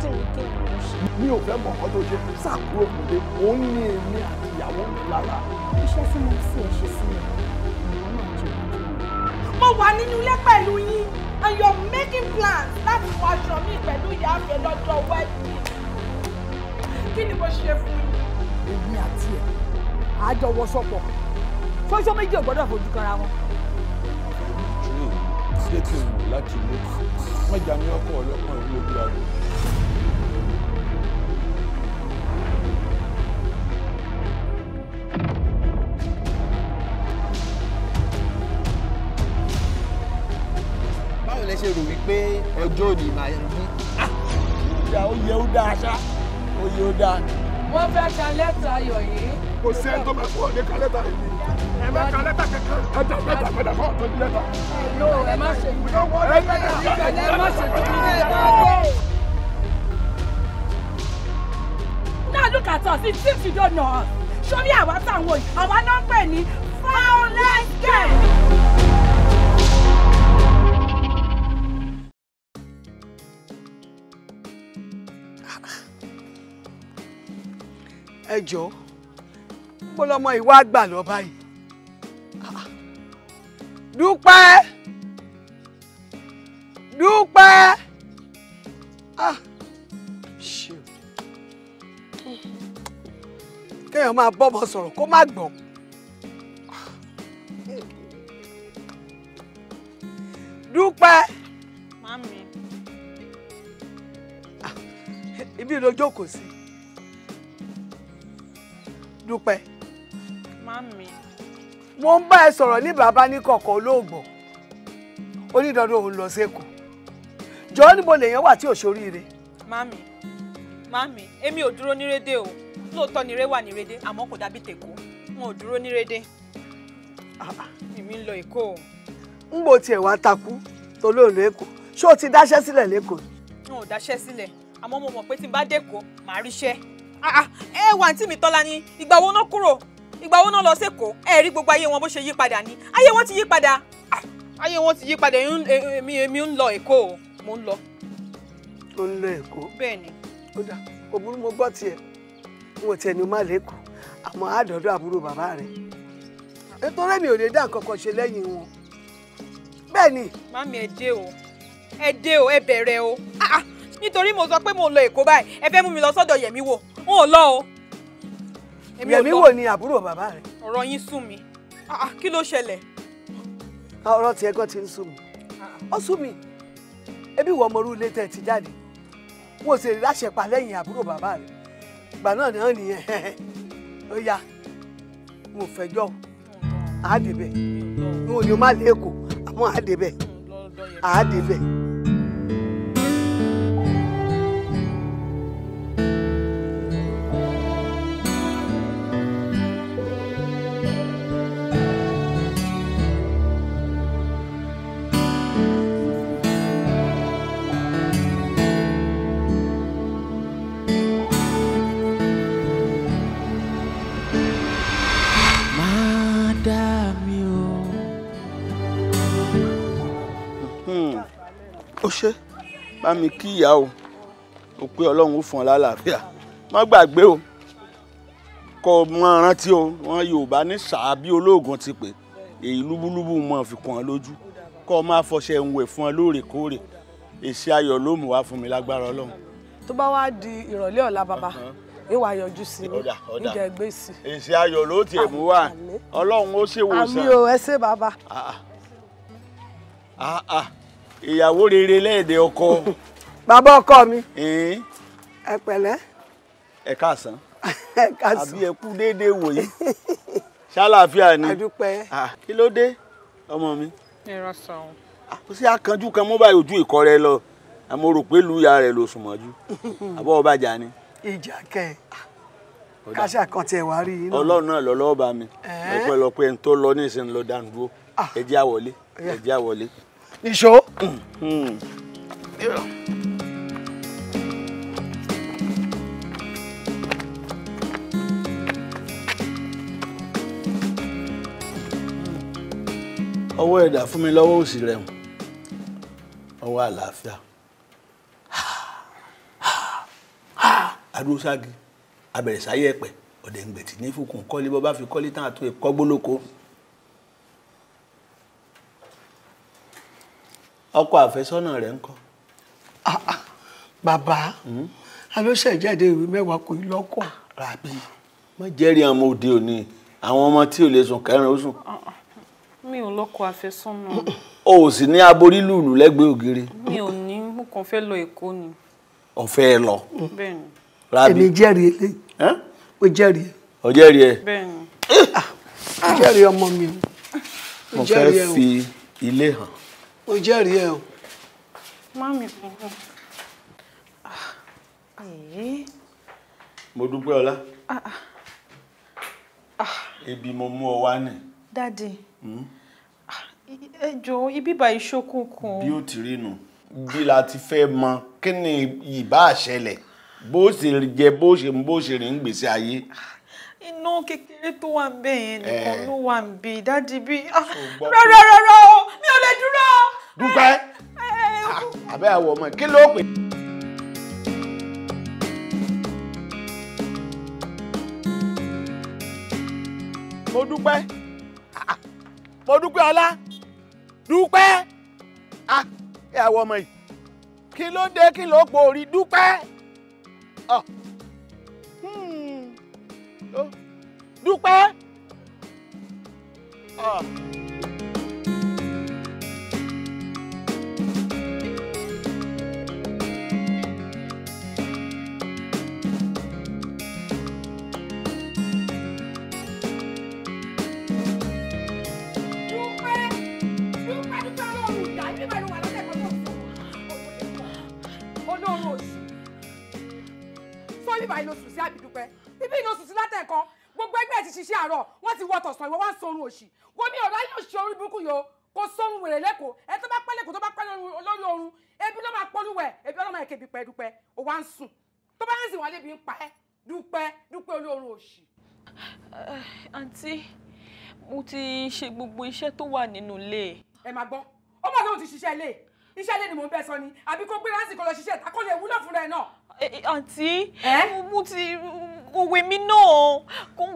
tí mi kí n ṣe. mi ò fẹ́ mọ̀ ọ́n tó ṣe sàkúrò kò dé òun ní èmi àti ìyàwó lára. iṣẹ́ tí mo sì ṣe sí mi ìwọ náà jẹ́ ojú mi. mo wà nínú ilé pẹ̀lú yín and you making plans láti wọ aṣọ mi pẹ̀lú ìyá àfẹ́ lọ́jọ́ wẹ́ẹ̀dì. kí ni mo ṣe fún yín. èmi àti ẹ̀ àjọ wọṣọpọ̀ fọ́ṣọ́ méjì ò gbọ́dọ̀ fojú kanra wọn ṣé kí n wò láti mú wọn jà ní ọkọ ọlọ́pàá ìlú ogun ọjọ́ òní màá yẹn bí. Ah! ó yẹ ó dáa ṣá ó yẹ ó dáa. wọ́n fẹ́ ka lẹ́tà ayọ̀ yìí. kò sí ẹni tó máa kú ọ̀dẹ́ ka lẹ́tà yìí ẹ má ka lẹ́tà kankan ẹ dá lẹ́tà padà fún ọ̀tọ́ ní lẹ́tà. ẹ má ṣe ẹ má ṣe tó ní lẹ́tà. Now look at us, it seems you don't know us. Show me our town, our number, foul let's get. ẹ jọ̀ọ́ bó lọmọ ìwà àgbà lọ báyìí dúpẹ́ dúpẹ́ ah, kéèyàn máa bọ́mọ sọ̀rọ̀ kó má gbọ́n. dúpẹ́. mami. Ah, ibi ló jókòó sí. dúpẹ́. mami. mo ń bá ẹ sọ̀rọ̀ ní bàbá ní kọ̀kọ̀ olóògbọ̀ onídọ́dọ̀ òun lọ sẹ́kù mo níbo lèèyàn wà tí ò ṣoríire. mami mami èmi ò dúró nírédé o lóòótọ́ ni ré wà nírédé àmọ́ kò dàbí tèkó mo ò dúró nírédé. rédè èmi ń lọ èkó o. ń bo tiẹ̀ wá takú tolóòlù èkó ṣé o ti dáṣẹ́ sílẹ̀ lẹ́kọ̀ọ́. n ò dáṣẹ́ sílẹ̀ àmọ́ mo mọ̀ pé tí n bá dẹ́kọ̀ọ́ màá ríṣẹ́. Ah, ah, ẹ wà àǹtí mi tọ́lá ni ìgbà wo náà kúrò ìgbà wo náà lọ sẹ́kọ̀ọ́ ẹ rí gbogbo ayé wọn bó ṣe yí padà ni ayé wọn ti yí padà ah, ayé wọn ti yí padà èmi èmi ń lọ èkó o mo ń lọ. ó ń lọ èkó. bẹ́ẹ̀ ni. ó dà òbúrú mo gbọ́ tiẹ̀ wọn tiẹ̀ ni má lẹ́kọ̀ọ́ àmọ́ àádọ́dọ́ àbúrò bàbá rẹ̀ nítorí mi ò lè dá nǹkan kan ṣe lẹ́yìn wọn bẹ́ẹ̀ ni. mami ẹ dé o ẹ dé o ẹ bẹ̀rẹ̀ o nítorí mo sọ pé mo lọ èkó báyìí ẹ fẹ́ mú mi lọ sọ́dọ̀ yẹ̀mí wò n ò lọ o. yẹ̀mí wò ni àbúrò bàbá rẹ. ọ̀rọ̀ yín sún mi ah, ah, kí ló ṣẹlẹ̀. Ah, ọ̀rọ̀ tiẹ̀ gan ti ń sún mi ó sún mi ebi wọ́n mọ̀rú ilé tẹ̀ ti jáde wọ́n sì rí láṣẹ pa lẹ́yìn àbúrò bàbá rẹ ìgbà náà náà nìyẹn ó yá mo fẹjọ́ àádébẹ̀ n ò ní o má lé èkó àmọ́ àádébẹ̀ àádébẹ̀. bá mi kí ìyá o o pé ọlọ́run ó fún ọ lálàáfíà má gbàgbé o kọ mọ rántí o wọn yorùbá ní sàábí olóògùn ti pè èyí lúbúlúbú mọ fi kàn án lójú kọ máa fọṣẹ ń wẹ̀ fún ọ lóòrèkóòrè èsì ayọ̀ ló mú wá fún mi lágbára ọlọ́run. tó bá wá di ìrọ̀lẹ́ ọ̀la bàbá ìwà yọjú sí i níjà ẹgbẹ́ sí i. èsì ayọ̀ ló tiẹ̀ mú wá ọlọ́run ó ṣèwòsàn. àmì o ẹ ṣé bàbá. Ah, ah. Ah, ìyàwó rere lẹ́ẹ̀dẹ̀ ọkọ. bàbá ọkọ mi ẹ pẹ̀lẹ́. ẹ káàsán àbí ẹ kú déédéé wòye ṣàlàáfíà ni kí ló dé ọmọ mi. ẹ̀rọ sọ̀rọ̀. kò sí akànjú kan mọ́ báyìí ojú ìkọ́ rẹ lọ àmọ́ rò pé lu ìyá rẹ̀ ló sùn mọ́jú àbọ̀ ọba jà ni. ìjà kẹ káṣà kan tiẹ̀ wá rí iná. ọlọ́run náà lọ́lọ́ọ̀bá mi lọ́pẹ́lọpẹ́ ń tó lọ ní ìsìn lọ dànù dúró ẹ àwọlé ẹ àwọlé. Nìṣó. ọwọ́ ẹ̀dá fún mi lọ́wọ́ òsì rẹ̀ ọwọ́ àlàáfíà adúrósági abẹ̀rẹ̀sáyẹ̀pẹ̀ ọ̀dẹ̀ǹgbẹ̀tì ní fúnkún kọ́lé bọ́ bá fi kọ́lé tán àtúnyẹ̀ kọ́gbólóko. ọkọ àfẹ́sọ́nà rẹ̀ ńkọ́. Ah, ah, bàbá hmm? alóṣèjáde ìwé mẹ́wàá kò í lọ́kọ̀ ràbí. má jẹ́rìí àwọn òde òní àwọn ọmọ tí ò lè sùn kẹrin ó sùn. Ah, mi ò lọ́kọ àfẹ́sọ́nà. o ò sì ní aborí lùlù lẹ́gbẹ̀ẹ́ ògiri. mi ò ní mo kàn fẹ́ lọ Èkó ni. ọ̀fẹ́ lọ. èmi jẹ́rìí eléyìí. ó jẹ́rìí. ó jẹ́rìí ẹ. bẹ́ẹ̀ni. jẹ́rìí ọmọ mi. mo fẹ́ fi ilé hàn o jẹ́rìí ẹ o. mami kúkú. Ah, mo dúpẹ́ ọlá. ibi ah, ah. mo mú ọ wá nì. dádì hmm? ẹ jọ̀ọ́ ibi bá ìṣókùnkùn. bí ó ti rí nu bí la ti fẹ́ mọ kí ni ìbá ṣẹlẹ̀ bó ṣe jẹ bó ṣe ń bó ṣe rìn ń gbèsè ayé iná kékeré tó wà ń bẹ yẹn nìkan eh. ló wà ń bẹ dáàdi bí rárá rárá o mi ò lè dúró dúpẹ́ àbẹ́ àwọ̀ ọmọ kí ló pè. mo dúpẹ́ mo dúpẹ́ ọlá dúpẹ́ ẹ àwọ̀ ọmọ yìí kí ló dé kí ló pò orí dúpẹ́ hmm. dúpẹ́. Oh. bíbá yìí ló sùn sí àbídúpẹ́ bíbí yìí ló sùn sí látẹ̀kan gbogbo ẹgbẹ́ ẹ̀ ti ṣiṣẹ́ àárọ̀ wọ́n ti wọ tọ̀sán ìwọ wá ń sorun òṣì wo mi ò ráyè òṣì orí burúkú yìí o kò sórun wèrè lẹ́kọ̀ọ́ ẹ tó bá pẹ́ lẹ́kọ̀ọ́ tó bá pẹ́ lórí oorun ebi ló máa pọ́nú wẹ̀ ebi ọlọ́mọ ẹ̀kẹ́ bí pẹ́ dúpẹ́ ó wá ń sùn tó bá ń sìn wọlé bí ń pa ẹ́ dúpẹ́ dúpẹ́ olóorun òṣì. àǹtí eh, mo ti ṣe gbogbo iṣẹ́ tó wà nínú ilé. ẹ máa gbọ́ ó mọ̀ ti ṣiṣẹ́ ilé iṣẹ́ ilé ni mò ń bẹ́ sọ ni àbí kó gbé láǹsì kó lọ ṣiṣẹ́ ìta lè wúlò fúnra ẹ̀ náà Eh, eh, àǹtí eh? mo ti òwe mi náà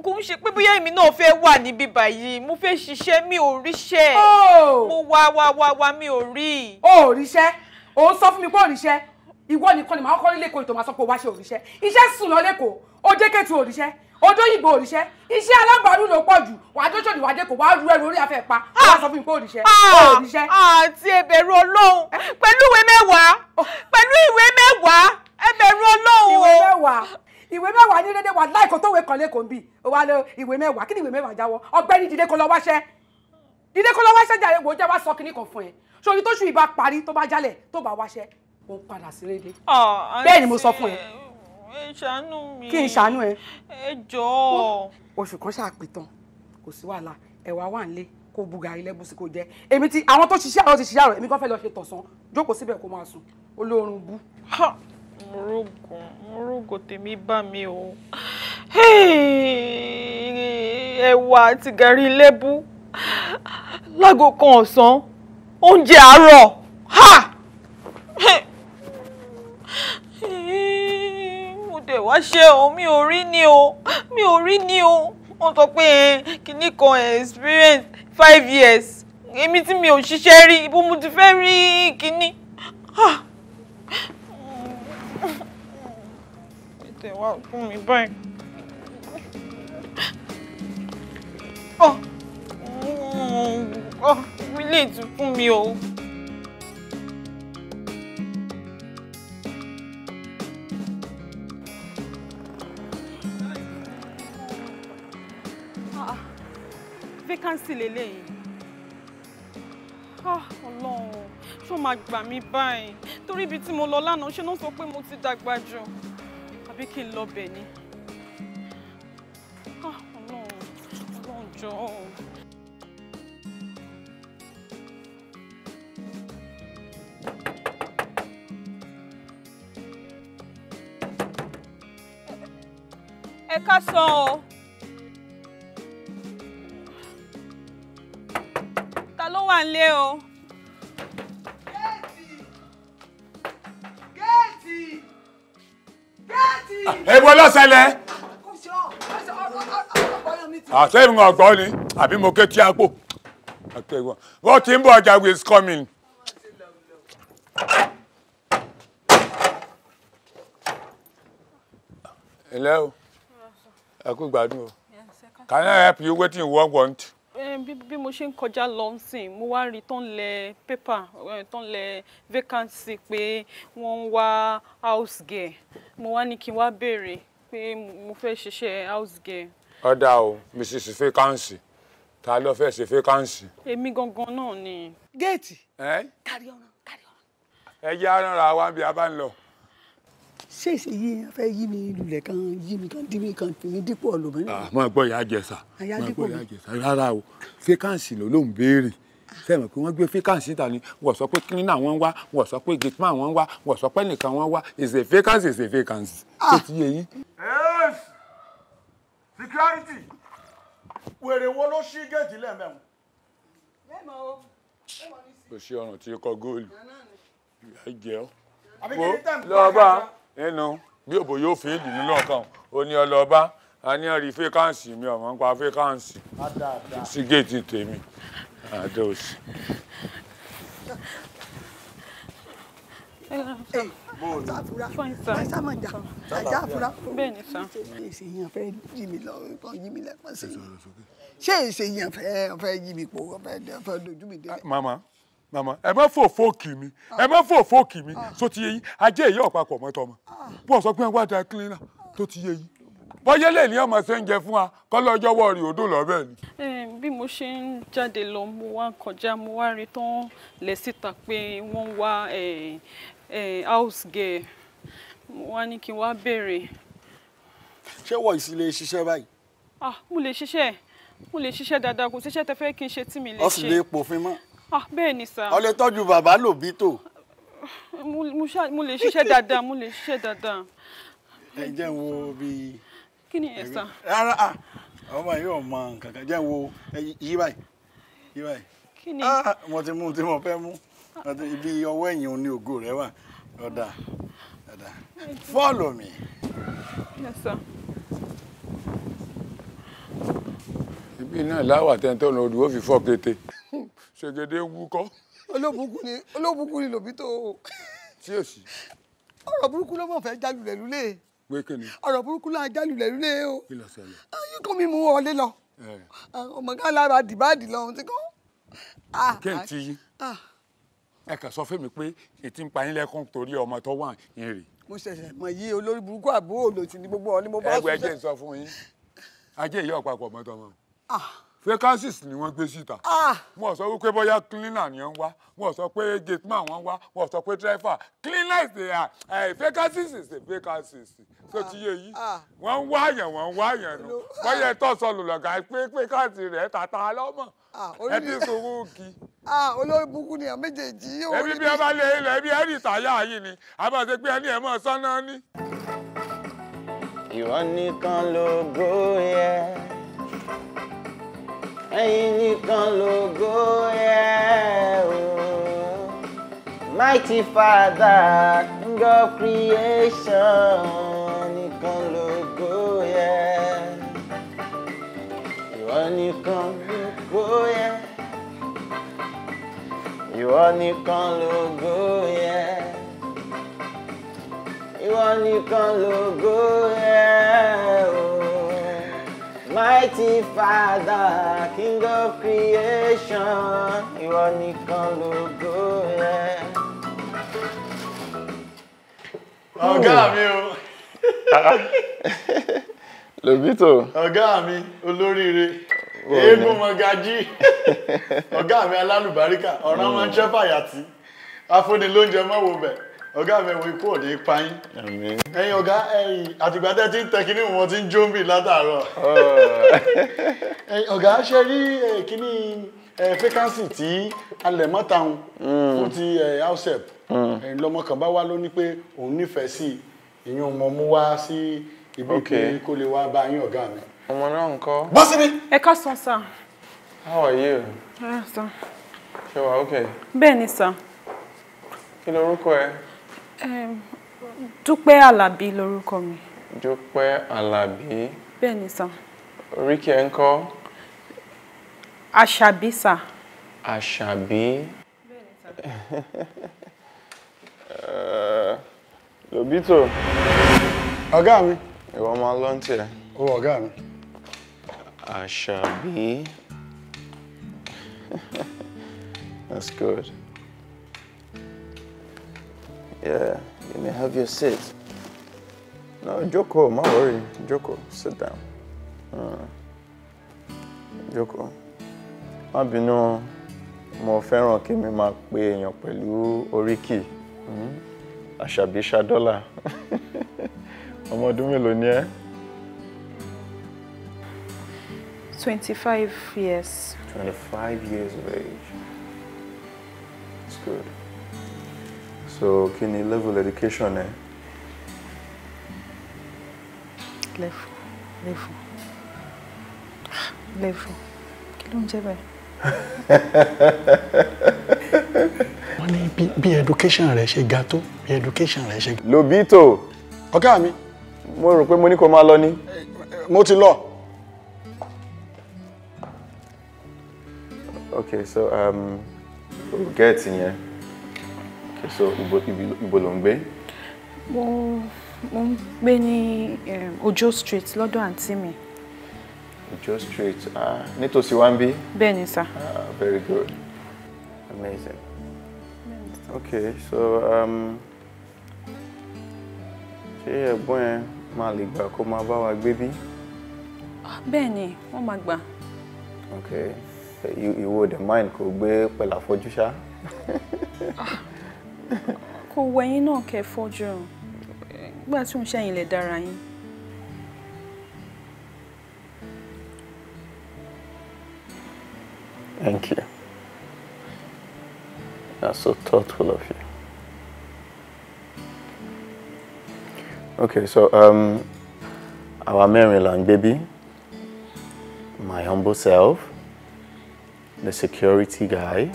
kò ń ṣe pé bóyá èmi náà fẹ́ wà níbí báyìí mo fẹ́ ṣiṣẹ́ mi ò ríṣẹ́ oh! mo wá wá wá wá mi ò rí. o ò ríṣẹ́ o ń sọ fún mi pé ò ríṣẹ́ ìwọ nìkan ni màá kọ́ nílé kòtò màá sọ pé o wá ṣe òríṣẹ́ iṣẹ́ sùn lọ lẹ́kọ̀ọ́ o jẹ́ kẹ́tù òríṣẹ́ odóyìnbó òríṣẹ́ iṣẹ́ alágbàdún ló pọ̀ jù wàá tó ṣòdì wàá dẹ́kọ̀ wàá ru ẹrù orí afẹ́ pa wàá sọ fún mi pé òríṣẹ́ òríṣẹ́. Ah! Ah! àti ẹ̀bẹ̀rù ọlọ́run pẹ̀lú ìwé mẹ́wàá oh! pẹ̀lú ìwé mẹ́wàá ẹ bẹ̀rù ọlọ́run o. ìwé mẹ́wàá ìwé mẹ́wàá ní dédé wà láìkó tó wé kan lẹ́kọ̀ọ́ ń bì ó wá lọ ìwé mẹ́wàá kí ni ìwé mẹ́wàá jáwọ́ ọgbẹ́ni dìde kó lọ wáṣẹ́ dìde kó lọ wáṣẹ́ jàre wò ó jẹ́ wá sọ kinní kan fún ẹ sórí tóṣù ìbá parí tó bá jálẹ̀ tó bá wáṣẹ́ ó padà sí rédè bẹ́ẹ̀ ni mo sọ fún ẹ ṣàánú mi kí n ṣàánú ẹ ẹ jọ̀ọ́. oṣù kan ṣàpìtàn kò sí wàhálà ẹ̀wà wà nílé kó bu gàrí lẹ́bùsí kó jẹ́ èmi ti àwọn tó ṣiṣẹ́ àárọ̀ ti ṣiṣẹ́ àárọ̀ èmi kan fẹ́ lọ ṣe tọ̀sán jókòó síbẹ̀ kó máa sùn olóorun bú. Murugo, Murugo tèmi bá mi o ẹ̀wà àti gàrí lẹ́bú láago kan ọ̀sán oúnjẹ àárọ̀ ha mo dẹ̀ wá ṣe o mi ò rí ni o mi ò rí ni o wọ́n sọ pé kinní kan experience five years èmi tí mi ò ṣiṣẹ́ rí ibùmú ti fẹ́ rí kinní. tẹ̀ wá fún mi oh ọ ọ ilé ìtú fún mi o. Ah, ah, vacancy lélẹ́yìn ah, ọlọ́run ṣó máa gbà mí báyìí torí ibi tí mo lọ lánàá ṣe náà sọ pé mo ti dàgbà jù àbí kí n lọ bẹ̀ ni. Ah, ọlọ́run ọlọ́run jọ̀ọ́. ẹ ká sọ o. ta ló wà nílé o. ewu ọlọ́sẹ̀lẹ̀. àtẹ̀yìn ọ̀gbọ́n ni àbí mo ké tí a pò. wọ́n ti ń bọ̀ ọjà with coming. hello ẹ kú gbádùn o can I help you wetin you wan want? bí mo ṣe ń kọjá lọ sìn mo wá rí tán lẹ pépà eh, tán lẹ vacancy pé wọ́n ń wá house girl mo wá ní kí n wá béèrè pé mo fẹ́ ṣiṣẹ́ house girl. ọ̀dà o mrs vacancy ta ló fẹ́ ṣe vacancy. èmi gangan náà ni. géètì. ẹ kárí ọ̀ràn kárí ọ̀ràn. ẹ jẹ́ àrùn ra wa bí a bá ń lọ ṣé ìṣèyí yẹn fẹ́ yí mi lulẹ̀ kan yí mi kan dí mi kan fi mi dípò ọlọ́mọbìnrin. Ah, mo gbọ́ ìyá àjẹsà mo gbọ́ ìyá àjẹsà rárá o fíkáǹsì ló ló ń béèrè fẹ́ẹ̀mọ̀ pé wọ́n gbé fíkáǹsì ta ni wọ́n sọ pé cleaner wọ́n wá wọ́n sọ pé gateman wọ́n wá wọ́n sọ pé nìkan wọ́n wá is a vacancy is a vacancy ah! yes security wèrè wo ló ṣí géètì lẹ́ẹ̀mẹ́rin. lẹ́mọ̀ o kò sí ọ̀ràn tí nínú bí òbò yóò fi ìlú nílò kan ó ní ọlọ́ba a ní ọ̀rí fẹ́káǹsì mi ọ̀mọ́ ń pa fẹ́káǹsì sí géètì tèmi àdé òsì. ṣé èsè yẹn fẹ́ yí mi po fẹ́ dojú mi dé. mama màmá ẹ má fò fóòkì mi ah. ẹ má fò fóòkì mi tó ah. ti yé yín ajé èyí ọ̀pápọ̀ mọ́tọ́ ọmọ ah. wọ́n sọ pé wọ́n da cleaner tó ti yé yín bọ́yẹ́ lè ní ọmọ ṣe ń jẹ fún wa kọ́ lọ́jọ́ wọ rí odò lọ́bẹ̀ ni. bí mo ṣe ń jáde lọ mo wá kọjá mo wá rí tán lẹ̀ síta pé wọ́n wá house girl mo wá ní kí n wá béèrè. ṣé wọ ìsìlẹ̀ ṣiṣẹ́ báyìí. ah mo lè ṣiṣẹ́ mo lè ṣiṣẹ́ dáadáa kò ṣiṣẹ́ tẹ fẹ́ kí n ṣe tí mi lè ṣe. ọ̀sìn lè pòfin mọ́ ah bẹ́ẹ̀ ni sà. o lè tọ́jú bàbá lòbí tò. mo lè ṣiṣẹ́ dáadáa mo lè ṣiṣẹ́ dáadáa. ẹ jẹ́ wo bí. kí ni ẹ sà. rárá ọmọ yóò mọ nǹkan kan jẹ́ wo yí báyìí yí báyìí. kí ni. Ah, mo ti mú tí mo fẹ́ mú ibi ọwọ́ ẹ̀yìn òní ògo rẹ wà ọ̀dà ọ̀dà follow me. Yes, sir. ibi náà láwà tẹ́ńtọ́ lọ́dún ó fi fọ́ kété ṣègede ń wúkọ́. olóbùkún ni olóbùkún ni lòbí tó o. tí o sì. ọ̀rọ̀ burúkú ló mọ̀ fẹ́ jálulẹ̀ lulẹ̀. pé kí ni. ọ̀rọ̀ burúkú náà jálulẹ̀ lulẹ̀ o. kí ló ṣẹlẹ̀. ayé ah, kan mi mú wọlé lọ. Ah, ọmọ ká lára dìbàdì lọ ohun tí kò. Ah, kéǹtì yín ẹ kàn sọ fún mi pé ètí ń pa yín lẹ́kùn torí ọmọ tó wà yín rè. mo ṣẹ̀ṣẹ̀ mọ̀ yí olórí burúkú àbúrò lòtì ní gbogbo ọ ní mo bá sọ. ẹgbẹ́ ẹjẹ́ vacancies ni wọ́n gbé síta. Ah! wọ́n sọ wípé bóyá cleaner ni wọ́n wá wọ́n sọ pé gate man wọ́n wá wọ́n sọ pé driver cleaner eh, is a uh, vacancies is a vacancies tó ti yé yìí wọ́n ń wá àyàn wọ́n ń wá àyàn nù bóyá tó sọ lùlọ̀gà pé pé káàtì rẹ̀ tàtà lọ́mọ̀ ẹ ti sọ̀rọ̀ kí. olórí bukú ni àméjèèjì yóò rí mi. ẹbí bí ọba lè ilẹ̀ ẹbí ẹ̀rì ìtàyà yìí ni àbá ṣe pé ẹni ẹ̀ mọ̀ sọ́nà ni. ìrọ́ nìkan ló gbó ẹ̀yin nìkan lógo yẹ o. Oh. mighty father king of creation nìkan yeah. yẹ. You nìkan to look yeah. nìkan You yẹ. ìwọ nìkan lógo Mighty Father, King of Creation, ìwọ nìkan lógo rẹ. Ọ̀gá hmm. mi o. Lobito. Ọ̀gá mi olóríire. Eégún Mọ̀gájí. Ọ̀gá mi alálùbáríkà. Ọ̀ràn máa ń ṣẹ́fàyàtì. Afúnilóúnjẹ mọ́wọ́ bẹ̀. ọ̀gá mi wo ikú òde pa yín ẹ̀yin ọ̀gá ẹ̀yin àtìgbà tẹ́ ti ń tẹ kíní wọn ti ń jó mi látàárọ̀ ẹ̀yin ọ̀gá ṣe rí kíní fẹ́kánsì tí alẹ̀ mọ́tàn mm. fún ti ausep mm. ẹ̀yin lọ́mọ kan bá wá ló ní pé òun nífẹ̀ẹ́ sí ìyún ọmọ mú wá sí ibi pé kó lè wá bá yín ọ̀gá mi. ọmọ náà ń kọ́. bọ́ síbi. ẹ ká sàn sàn. how are you. ẹ sàn. ṣé wàá ok. bẹ́ẹ̀ ni sàn. kí lorúkọ ẹ. Dúpẹ́ Àlàbí lorúkọ mi. Dúpẹ́ Àlàbí. Bẹ́ẹ̀ni sà. Oríkì ẹ̀ ń kọ́. Àṣàbí sà. Àṣàbí. Eh, Lobito. Ọ̀gá mi. Ìwọ máa lọ ń tiẹ̀. Ó ọ̀gá mi. Àṣàbí. That's good. Yeah, you may have your seat. No, Joko, my worry. Joko, sit down. Uh, jókòó. Má more mo fẹ́ràn kí mi máa pe èèyàn pẹ̀lú oríkì. Hmm. Àṣàbí Ṣadọ́là. Ọmọ ọdún mélòó ni ẹ́? Twenty-five years. Twenty-five years of age. It's good so kí ni level education ẹ. level level ah, level kí ló ń jẹ́ bẹ́ẹ̀. wọ́n ní bí education rẹ̀ ṣe ga tó bí education rẹ̀ ṣe. lobito. ọ̀gá mi. mo rò pé mo ní kó máa lọ ni. mo ti lọ. okay so um, get yẹn so ibo ibo ló ń gbé. mo mo ń gbé ní Ojo street lọ́dọ̀ àǹtí mi. Ojo street ah nítòsí wa ń bí. bẹ́ẹ̀ ni sir. ah very good amazing okay so um, ṣé ẹ̀gbọ́n ẹ máa lè gbà kó máa bá wa gbé bí. Ah, bẹ́ẹ̀ ni wọ́n máa gbà. okay ìwọ ò dẹ̀ mind kó gbé pẹ̀lú àfojúsá. Ah, kò wẹ̀yìn náà kẹ́ fọ́jú rùn tí òun ṣẹ̀yìn lè dára yín. Thank you. That's so thoughtful of you. Okay, so um, our Maryland baby, my humble self, the security guy,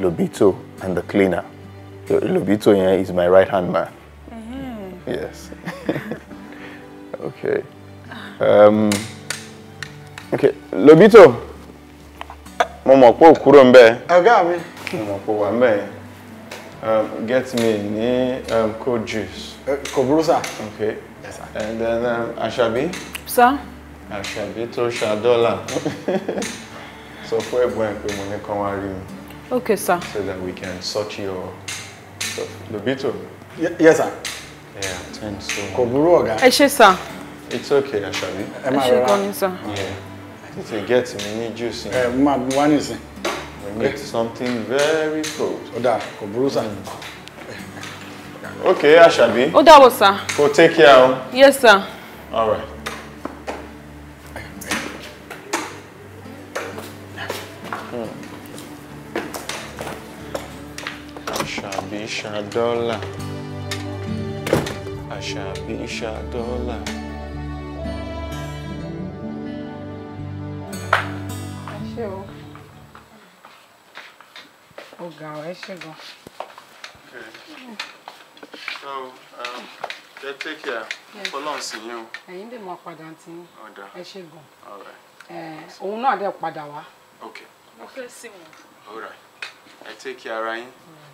Lobito and the cleaner. So Lobito is my right hand man. Mm -hmm. Yes. okay. Um, okay, Lobito. Mama po pé òkúrò ń bẹ. Ọ̀gá mi. Mo mọ̀ pé Um, get me ni um, cold juice. Kobrusa. Okay. Yes, sir. And then um, Ashabi. Sir. Ashabi to ṣàdọ́là. So fún ẹ̀gbọ́n ẹ̀ pé mo ní kán wá Okay, sir. So that we can sort your stuff. Lobito. Ye yes, sir. Yeah, thanks so Koburu Kò burú ọ̀gá. sir. It's okay, Ashabi. Ẹ máa rọra. Ẹ ṣé sir. Yeah. I need to get mini ní juice. Ẹ máa bu wá We need something very cold. Oda Koburu burú mm. Okay, Ashabi. Oda dàbọ̀, sir. Go take care o. Oh. Yes, sir. All right. Hmm. Àṣàbí Ṣadọ́là. Àṣàbí Ṣadọ́là. Ẹ ṣé o. Ọ̀gá ẹ ṣé gan. So, um, ẹ take care. Fọlọ́n sí yín o. Ẹ̀yin lè mọ padà tí ẹ ṣé gan. Òun náà dẹ̀ padà wá. Okay. Mo fẹ́ sí wọn. All right. Ẹ take care ara yín. Mm.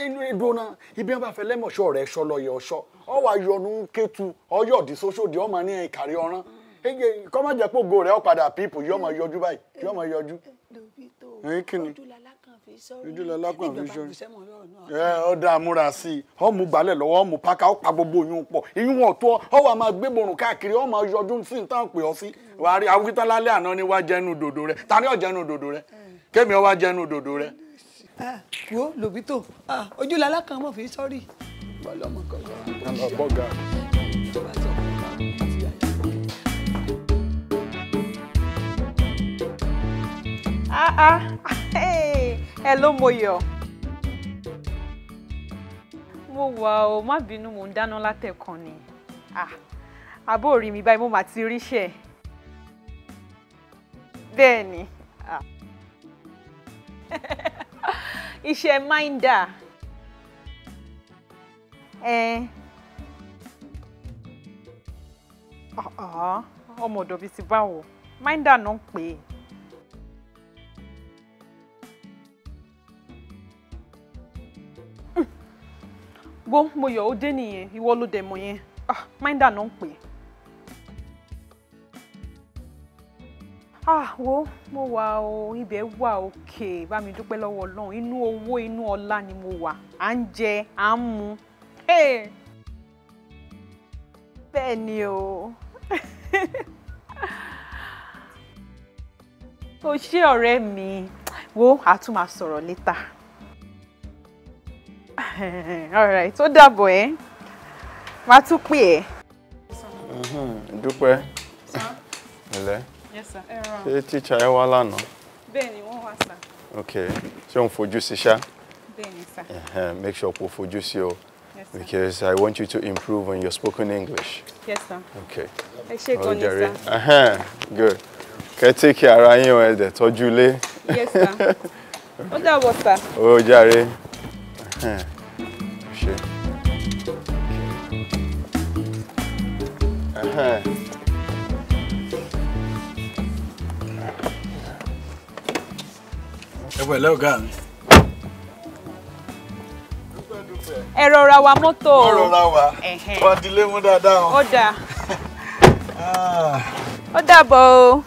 inú ìdúná ibi wọn bá fẹ́ lẹ́mọ̀ṣọ́ rẹ̀ ṣọ lọ́yẹ̀ ọ̀ṣọ́ ọ wà yọnu kẹtù ọyọ̀dì sóṣòdì ọmọ ní ìkàrí ọ̀ràn kọ́ má jẹ́ pé ògo rẹ̀ ọ̀padà pípù yọ ọmọ yọjú báyìí yọ ọmọ yọjú. ojúlọlá kan fi sọrí ẹ ọ dá múra sí i ọ mú gbalẹ̀ lọ́wọ́ ọ mú paka ọ pa gbogbo oyún pọ̀ iyún ọ̀tọ́ ọ wà máa gbé borùn káàkiri ọ máa yọjú sí ní táwọn pè ọ sí wàá rí awítán lálẹ́ àná ni wàá jẹ́nu dòdò rẹ̀ ta ni ọ̀ jẹ́nu dòdò rẹ̀ kémi ọ wá jẹ́nu dòdò rẹ̀. Ah, wo lobito ah, ojú lálá kan mọ̀ fi sọ́rí. bọ́lọ́mọ kankan bọ́gà. ah ah hey hello Moyo. mo wà ó má bínú mò ń dáná látẹ̀kàn ni ah àbó rí mi báyìí mo mà ti ríṣẹ́ bẹ́ẹ̀ ah. iṣẹ́ minder ẹ ọmọ ọ̀dọ̀ bíi ti báwo minder náà ń pè é. gbó hm. mo yọ̀ ó dé nìyẹn ìwọ ló dẹ̀ mọ̀ yẹn ah, minder náà ń pè é. ah wo mo wà o ibẹ̀ wà òkè bá mi dúpẹ́ lọ́wọ́ ọlọ́run inú owó inú ọlá ni mo wà à ń jẹ à ń mu bẹ́ẹ̀ ni o o ṣé ọ̀rẹ́ mi wo a tún máa sọ̀rọ̀ létà alright ó dàbọ̀ ẹ́ máa tún pè ẹ́. Mhm, dúpẹ́ ẹ̀lẹ́. Yes sir. ṣé tíṣà ẹ wá lánàá. bẹ́ẹ̀ wọ́n wá sà. ok ṣé òun fojú sí ṣá. bẹ́ẹ̀ sà. make sure kò fojú sí o. Yes, sir. Because I want you to improve on your spoken English. Yes, sir. Okay. Ẹ ṣe gan ni, sir. Good. Kẹ́ take care ara yín o, ẹ dẹ̀ tọ́jú ilé. Yes, sir. Ó dàbọ̀, sir. Ó jàre. Ṣé. uh ẹ pẹ̀lẹ́ ọ̀gá mi. ẹ rọra wa mọ́tò. ó rọra wa wá dilé mú dáadáa. ó dáa ah. ó dàbọ̀ o.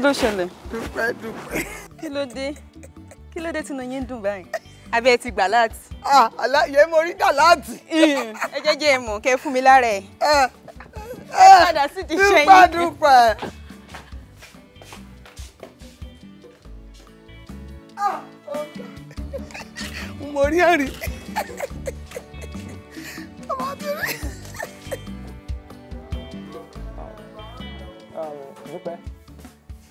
kí ló ṣẹlẹ̀. dúpẹ́ dúpẹ́. kí ló dé kí ló dé tinú yín dùn báyìí àbí ẹ ti gbà láti. àlàyé mo rí gbà láti. ẹ jẹ́jẹ́ ẹ mọ̀ kẹ́ fún mi lára ẹ̀. ẹ padà sí ti ṣẹ́yìn. dúpẹ́ dúpẹ́. mo rí ẹ̀rí. ọmọbìnrin. dúpẹ́.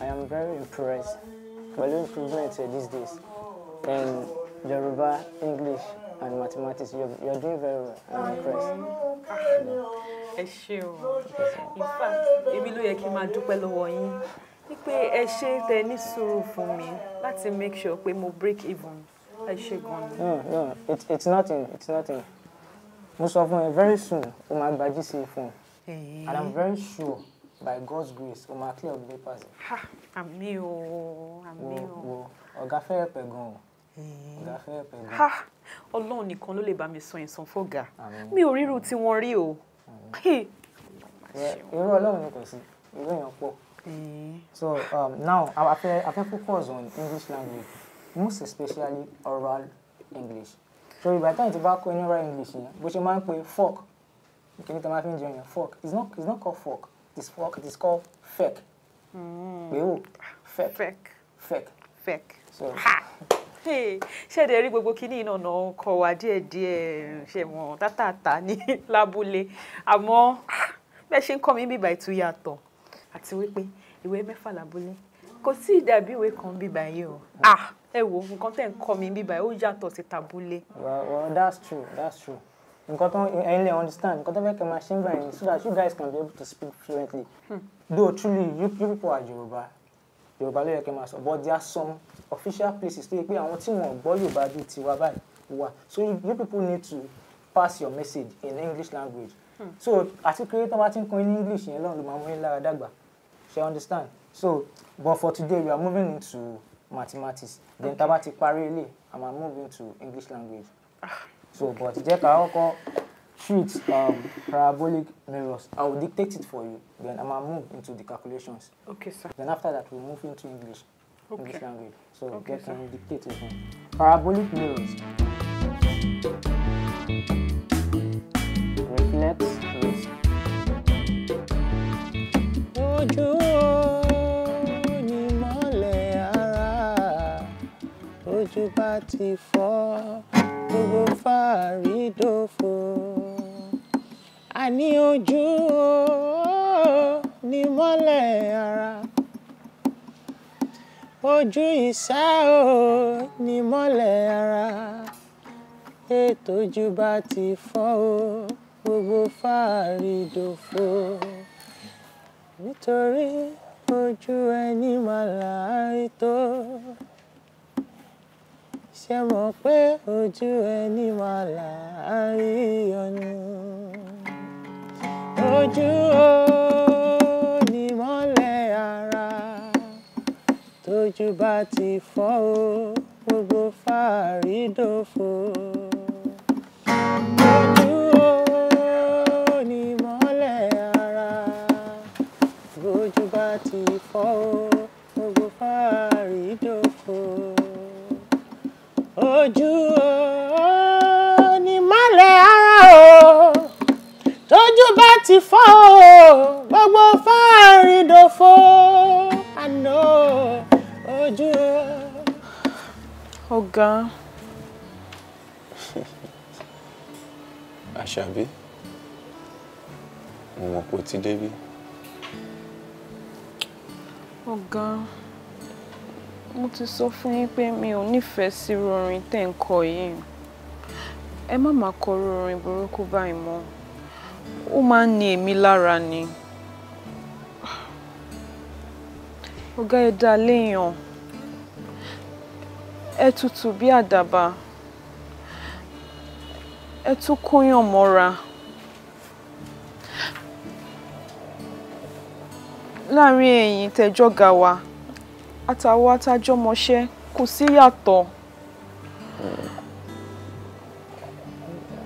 I am very impressed pẹ̀lú improvement these days in Yoruba, English and mathematics. You're, you're doing very well. I'm impressed. Ẹ ṣé o. In fact, èmi ló yẹ kí n máa dúpẹ́ lọ́wọ́ yín wípé ẹ ṣe tẹ ní sùúrù fún mi láti make sure pé mo break even. Ẹ ṣé gan-an. No, no, it's it's nothing, it's nothing. Mo sọ fún ẹ very soon, o máa gbajú sí i fún ẹ. And I'm very sure by God's grace o máa clear gbé pass. àmì o àmì o. wo ọ̀gá fẹ́rẹ̀ pẹ̀ gan-an eh. ọ̀gá fẹ́rẹ̀ pẹ̀ gan-an. ọlọ́run nìkan ló lè bá mi sọ ìsan fọ́gà mi ò ríru tí wọ́n rí o. irú ọlọ́run ni kò sí irú èèyàn pọ̀. Eh. so um, now a fẹ́ a focus on English language most especially oral English so ìgbà táyì ti bá kó ní oral English yẹn bó ṣe máa ń pe fork kí máa fi ń jẹun yẹn fork it's not it's not called fork is what it is called fake. Gbéwò hmm. fake. Fake. Fake. Fake. So. Ha! ṣẹ́ẹ̀dẹ̀ rí gbogbo kínní iná náà ń kọ wá díẹ̀díẹ̀ ṣẹ̀wọ̀n tátàtà ní lábúlé àmọ́ bẹ́ẹ̀ ṣe ń kọ́ mi bíbá ìtúyàtọ̀ àti wípé ìwé mẹ́fà lábúlé kò sí ìdàbí ìwé kan bíbá yìí o hmm. ah, ẹ wo nǹkan tẹ̀ ń kọ́ mi bíbá yìí ó yàtọ̀ sí tàbúlé. well well that's true that's true nǹkan tó ẹ̀yin lè understand nǹkan tó fẹ́ kẹ́ máa ṣe ń bẹ̀rẹ̀ so that you guys can be able to speak fluently hmm. though truly you, you people are Yorùbá Yorùbá ló yẹ kẹ́ máa sọ but there are some official places tó yẹ pé àwọn tí wọ́n gbọ́ Yorùbá bíi tiwa báyìí wà so you, you people need to pass your message in English language hmm. so àti pé tó bá ti ń kọ́ in English yẹn lọ́run ló máa mú yín lára dàgbà ṣe understand so but for today we are moving into mathematics then tá a bá ti parí ilé a máa move English language. Ah so but jẹ́ ká call. treat um, parabolic mirrors I will dictate it for you then I ma move into the calculations okay sir then after that we we'll move into English okay. English language so okay, get um, dictate it parabolic mirrors reflect rays. ojú ni gbogbo fàárí dòfo àní ojú ni mọ́lẹ̀ ara ojú ìsá o ni mọ́lẹ̀ ara ètò ojú bá ti fọ́ o gbogbo fàárí dòfo nítorí ojú ẹni màlárí tó ṣe mọ̀ pé ojú ẹni máa là á rí ọ̀nà ojú o ní mọ́lẹ̀ ara tójú bá ti fọ́ o gbogbo fàárí ojú o ní mọ́lẹ̀ ara tójú bá ti fọ́ o gbogbo fàárí ojú o ní ara o tójú bá ti fọ́ o gbogbo fáàrí dòfo àná ojú o. ọ̀gá. àṣàbí mo mọ̀ ti débí. ọ̀gá. Oh mo ti sọ fún yín pé mi ò nífẹ̀ẹ́ sí rorin tẹ̀ ń kọ yìí ẹ má máa kọ rorin burúkú báyìí mọ́ ó máa ń ní èmi lára ni ọ̀gá ẹ dá léèyàn ẹ tutù bí àdàbà ẹ tún kóyàn mọ́ra. láàrin ẹ̀yin tẹjọ́ ga wa àtàwọn atajọmọṣẹ́ kò sí yàtọ̀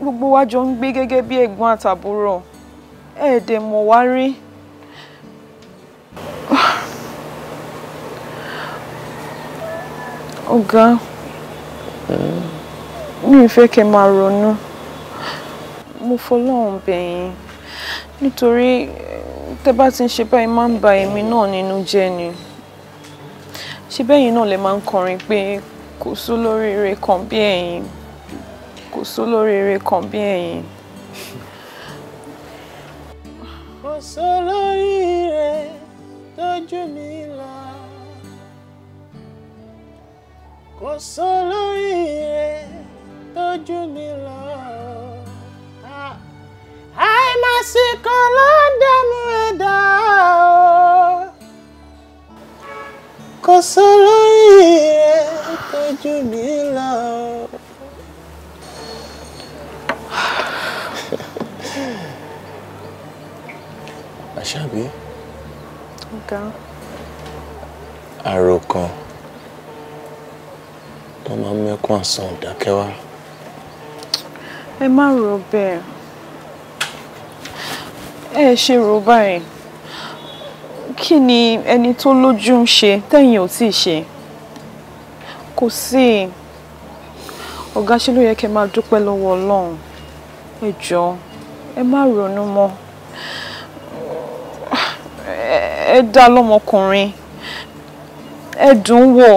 gbogbo wa jọ ń gbé gẹ́gẹ́ bí ẹ̀gbọ́n àtàbúrò ẹ̀ẹ́dẹ̀ mọ̀ wá rí. ọ̀gá mi ò fẹ́ kẹ́ máa ronú mo fọlọ́run bẹ̀yìn nítorí tẹ́ bá ti ń ṣe báyìí máa ń ba èmi náà nínú jẹ́ ni. Mm ṣé bẹ́yìn náà lè máa ń kọrin pé kò sólóríire kan bí ẹ̀yin kò sólóríire kan bí ẹ̀yin. kò sólóríire tójú mi là kò sólóríire tójú mi là ah, àìmọ̀sí kan ló dààmú ẹ̀dá o kò sọ̀rọ̀ rẹ̀ tó jù mí lọ. àṣàbí. ọ̀gá. àrò kan tó máa ń mẹ́kún àsan ìdákẹ́wá. ẹ má rò bẹ́ẹ̀ ẹ ṣe rò báyìí kí ni ẹni tó lójú ń ṣe tẹ́yìn ò tí ì ṣe kò sí ọ̀gá ṣe ló yẹ kẹ́ máa dúpẹ́ lọ́wọ́ ọlọ́run ẹ jọ̀ọ́ ẹ má ronú mọ́ ẹ dá lọ́mọkùnrin ẹ dùn wọ̀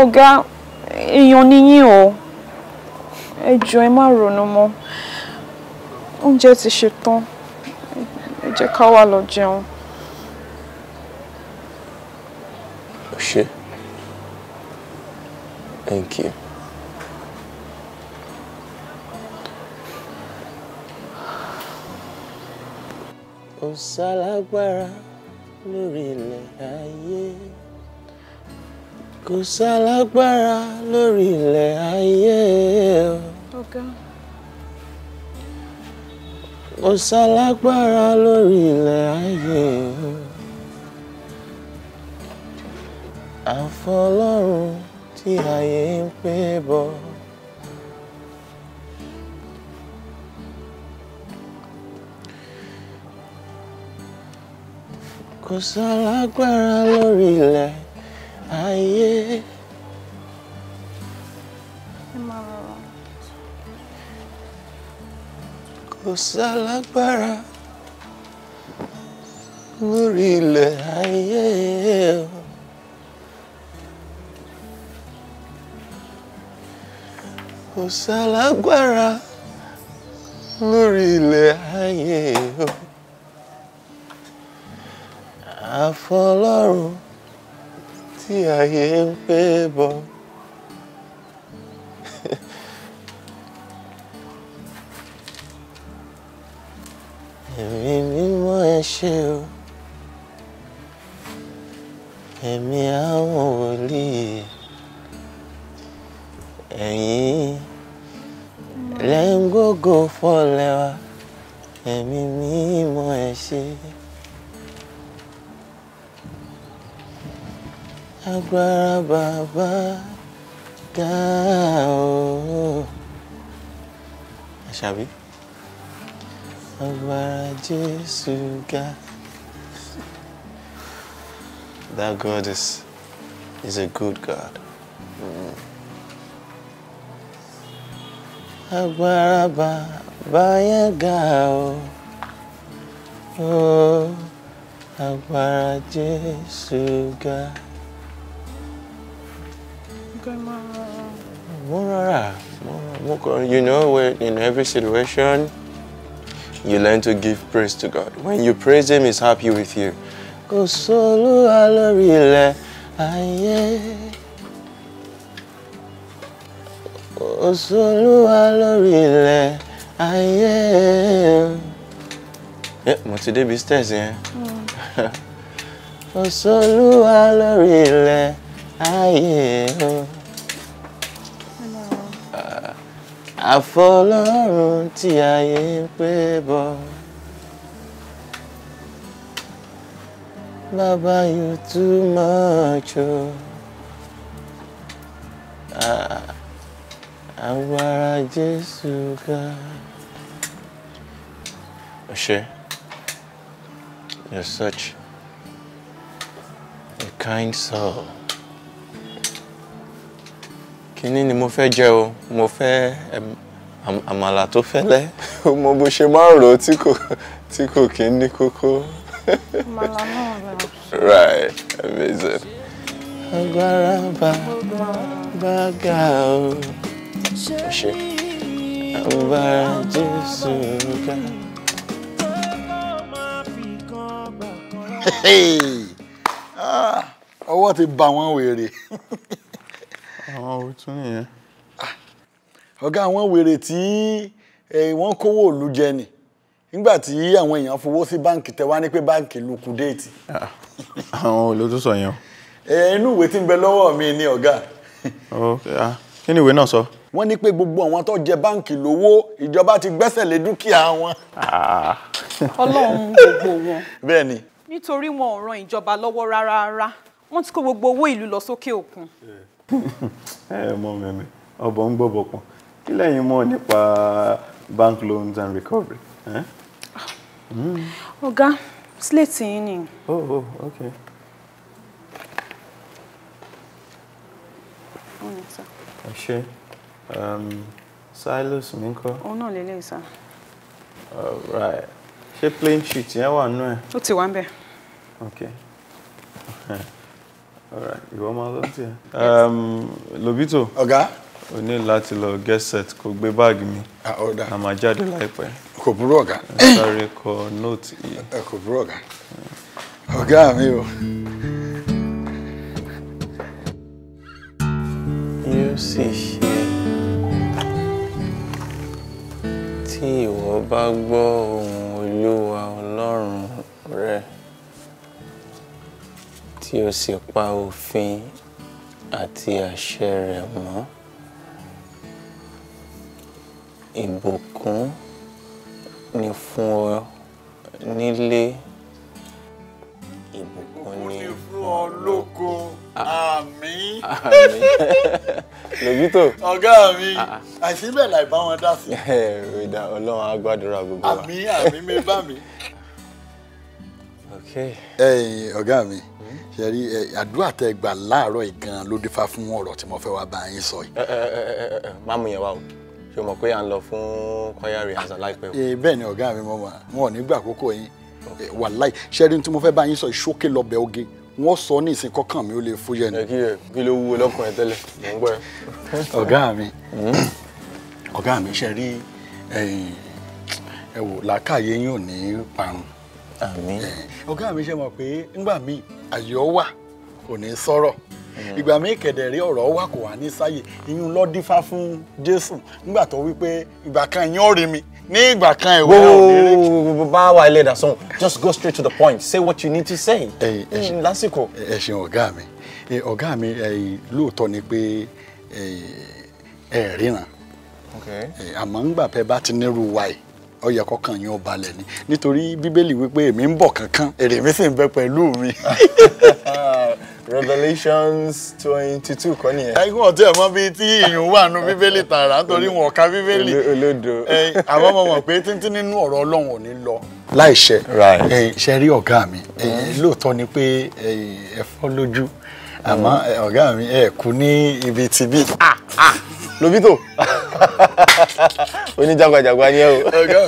ọ̀gá èèyàn níyìn o ẹ jọ̀ọ́ ẹ má ronú mọ́ oúnjẹ ti ṣe tán jẹ́ ká wà lọ jẹun. o ṣe thank you. ó sálágbára lórí ilẹ̀ ayé kò sálágbára lórí ilẹ̀ ayé o. Okay kò sálágbára lórí ilẹ̀ ayé àfọlọ́run tí ayé ń pè bọ̀. kò sálágbára lórí ilẹ̀ ayé. kò sálágbára lórí ilẹ̀ ayé o. kò sálágbára lórí ilẹ̀ ayé o. àfọlọ́run tí ayé ń pè bọ́. ẹ̀mí mímọ́ ẹ ṣé o ẹ̀mí àwọn wòlíì ẹ̀yin lẹ́ńgógó fọlẹ́wà ẹ̀mí mímọ́ ẹ ṣé. agbára bàbá ga o. àṣàbí. That God is, is a good God. Mm. Agbára bàbá oh, you know, in every situation. you learn to give praise to God. When you praise Him, He's happy with you. Kò sólúwa lórí ilẹ̀ ayé. Kò sólúwa lórí ilẹ̀ ayé. Mo ti débi stairs yẹn. Hmm. Kò sólúwa lórí ilẹ̀ ayé. àfọlọ́run tí ayé ń pè bọ̀. Baba, you too much. Oh. Ah, agbára Jésù ga. Ọ̀ṣẹ́, you're such a kind soul kínní ni mo fẹ́ jẹ o mo fẹ́ àmàlà tó fẹ́lẹ́ o bó ṣe máa rò ó tí kò tí kò kí ń ní kókó. right amazing. agbára bá bá ga o ṣe agbára Jésù ga. Ah, ọwọ́ ti bà wọ́n wèrè. àwọn ò tún nìyẹn. Ah, ọ̀gá àwọn wèrè tí wọ́n kówó ìlú jẹ ni nígbà tí àwọn èèyàn fowó sí báǹkì tẹ wá ní pé báǹkì lukudéètì. Ah, àwọn olóòtú sọ yẹn o. inú ìwé tí ń bẹ lọ́wọ́ mi ni ọ̀gá. Ah, kí ni ìwé náà sọ. wọ́n ní pé gbogbo àwọn tó jẹ báǹkì lówó ìjọba ti gbẹ́sẹ̀ lé dúkìá wọn. ọlọ́run gbogbo wọn. bẹ́ẹ̀ ni. nítorí wọn ò ran ìjọba lọ́wọ́ rárá rárá wọ́n ti kó gbogbo owó ìlú lọ sókè òkun. Yeah. ẹ mọ mẹ́mi ọbọ̀ ń gbọ́bọ̀ pọ̀ kí lẹ́yìn mọ̀ nípa bank loans and recovery. Hmm. ọ̀gá slate yín ni. oh oh okay. ẹ ṣe um, silas mi kọ́. òun náà lélẹ́yìn sá. ṣé plain sheet yẹn wà nù ẹ. ó ti wà ń bẹ̀. okay. all right ìwọ máa lọ tiẹ̀. Um, lobito o lati lo get set mi a máa jáde láìpẹ́. kọ nóòtù yìí. kò mi o. yóò sì ṣe tí ìwọ bá gbọ́ ohùn Olúwa rẹ. tí ó sì pa òfin àti àṣẹ rẹ̀ mọ́ ìbùkún ni fún ọ nílé ìbùkún ni fún ọ lóko ah. àmín lògítò ọ̀gá mi ah, ah. àìsíbẹ̀ láì bá wọn dá sí. ọlọ́run á gbàdúrà gbogbo wa àmín àmín mi bá mi. ọ̀gá mi ṣẹ́rí àdúrà tẹ gbà láàárọ̀ ìgan ló dífá fún ọ̀rọ̀ tí mo fẹ́ wá bá yín sọ yìí. má mú yẹn wá o ṣe mọ̀ pé à ń lọ fún choir rehearsal láìpẹ́ o. Eh, bẹ́ẹ̀ ni ọ̀gá mi mọ̀ mọ́ wọn ò ní gbà àkókò yín eh, wàláì ṣẹ́rí tí mo fẹ́ bá yín sọ ìṣókè lọ́bẹ̀ oge wọ́n sọ ní ìsìn kọ́kàn mi ó lè fúyẹ́ ni. kí ló wúwo lọ́kùnrin tẹ́lẹ̀ mò ń gbọ́ ẹ. ọ̀gá mi hmm? ọ̀gá mi ṣe rí ẹ wò làákàyè yín ò ní parun àmín. ọ̀gá mi ṣe mọ̀ pé ńgbà míì àyè ọ wà kò ní sọ̀rọ̀ hmm. ìgbà míì kẹ̀dẹ̀ rí ọ̀rọ̀ wà kò wá ní sáyè ìyún lọ dífá fún Jésù nígbà tó wí pé ìgbà kan ìyẹn ò mi ní ìgbà kan ìwé ọ̀rẹ́. bá wa ilé ìdásán just go straight to the point say what you need to say. lásìkò. ẹ ṣeun ọ̀gá mi ọ̀gá mi lóòótọ́ ni pé ẹ ríran àmọ́ ńgbà pẹ́ bá ti nírú wa yìí ó yẹ yín ó balẹ̀ ni nítorí bíbélì wípé èmi ń bọ̀ kankan èrè mi sì ń bẹ pẹ̀lú mi. Revelations twenty two kọ́ nìyẹn. ẹ̀gbọ́n ọ̀tí ẹ̀ mọ́ bíi tí ìyún wà nù bíbélì tààrà nítorí wọn ò ka bíbélì. olódo. àwọn ọmọ mọ̀ pé títí nínú ọ̀rọ̀ ọlọ́run ò ní lọ. láìṣẹ ṣe rí ọ̀gá mi lóòótọ́ ni pé ẹ fọ́ lójú àmọ́ ọ̀gá mi ẹ kú ní ibi tìbí. Ah, ah lobito oníjàgbàjàgbà ni ẹ o. ọ̀gá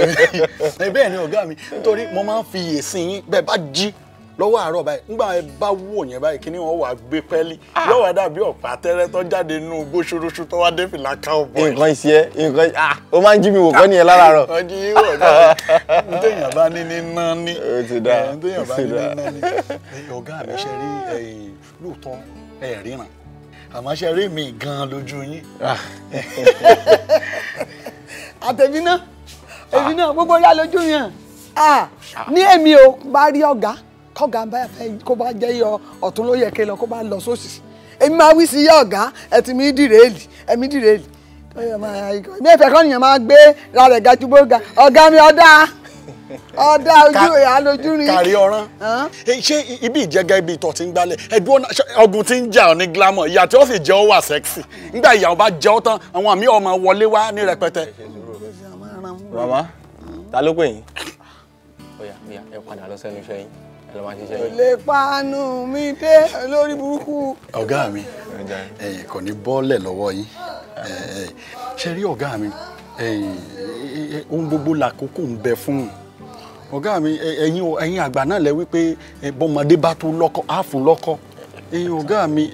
mi bẹ́ẹ̀ ni ọ̀gá mi nítorí mo máa ń fi èsì yín bẹ́ẹ̀ bá jí lọ́wọ́ àárọ̀ báyìí nígbà ẹ bá wò yẹn báyìí kí ni wọ́n wà gbé pẹ́ẹ́lí ah. yóò wá dàbí ọ̀pá tẹ́rẹ́ tó jáde nínú igbó ṣoṣo tó wá dé fìlà ká ò bọ̀. nǹkan ìṣe ẹ nǹkan ah ó máa ń jí mi wò kọ́ nìyẹn lára rọ. ọjọ́ yìí wọ̀ ọ̀gá mi ṣe àmọ́ ṣe rí mi gan-an lójú yín. Ah. àtẹ̀mí náà èmi náà gbogbo yá lójú yẹn ah. Ah. ní èmi ò bá rí ọ̀gá kọ́gà bá fẹ́ kó bá jẹ́ yọ ọ̀tún ló yẹ kí lọ kó bá lọ sósì èmi máa wí sí yá ọ̀gá ẹ ti mi dìrèèlì ẹ̀mí dìrèèlì mi ìfẹ́ kọ́ nìyẹn máa gbé rárẹ̀ gajúgbó ga ọ̀gá mi ọ̀dà. ọdá ojú ìyá alójú rí. kàrí ọ̀ràn ṣé ibi ìjẹ́gẹ́ ibi ìtọ̀ ti ń gbálẹ̀ ẹ̀dùn ọ̀gùn ti ń jà ní glamour ìyá tí ó sì jẹ́ ó wà sẹ́ksì nígbà ìyàwó bá jẹ́ ó tán àwọn àmì ọmọ wọlé wá ní rẹpẹtẹ. màmá ta ló pè yín ọ̀yà ìyá ẹ padà lọ sẹ́nu iṣẹ́ yín ẹ lọ máa ṣiṣẹ́ yín. lè mi dé lórí burúkú. ọ̀gá mi kò ní bọ́ọ̀lẹ̀ lọ́wọ́ yín ṣe rí ọ̀gá mi ohun gbogbo làkókò ọ̀gá mi ẹ̀yin o ẹ̀yin àgbà náà lẹ wípé bọ́mọdé bá tó lọ́kọ á fún lọ́kọ ẹ̀yin ọ̀gá mi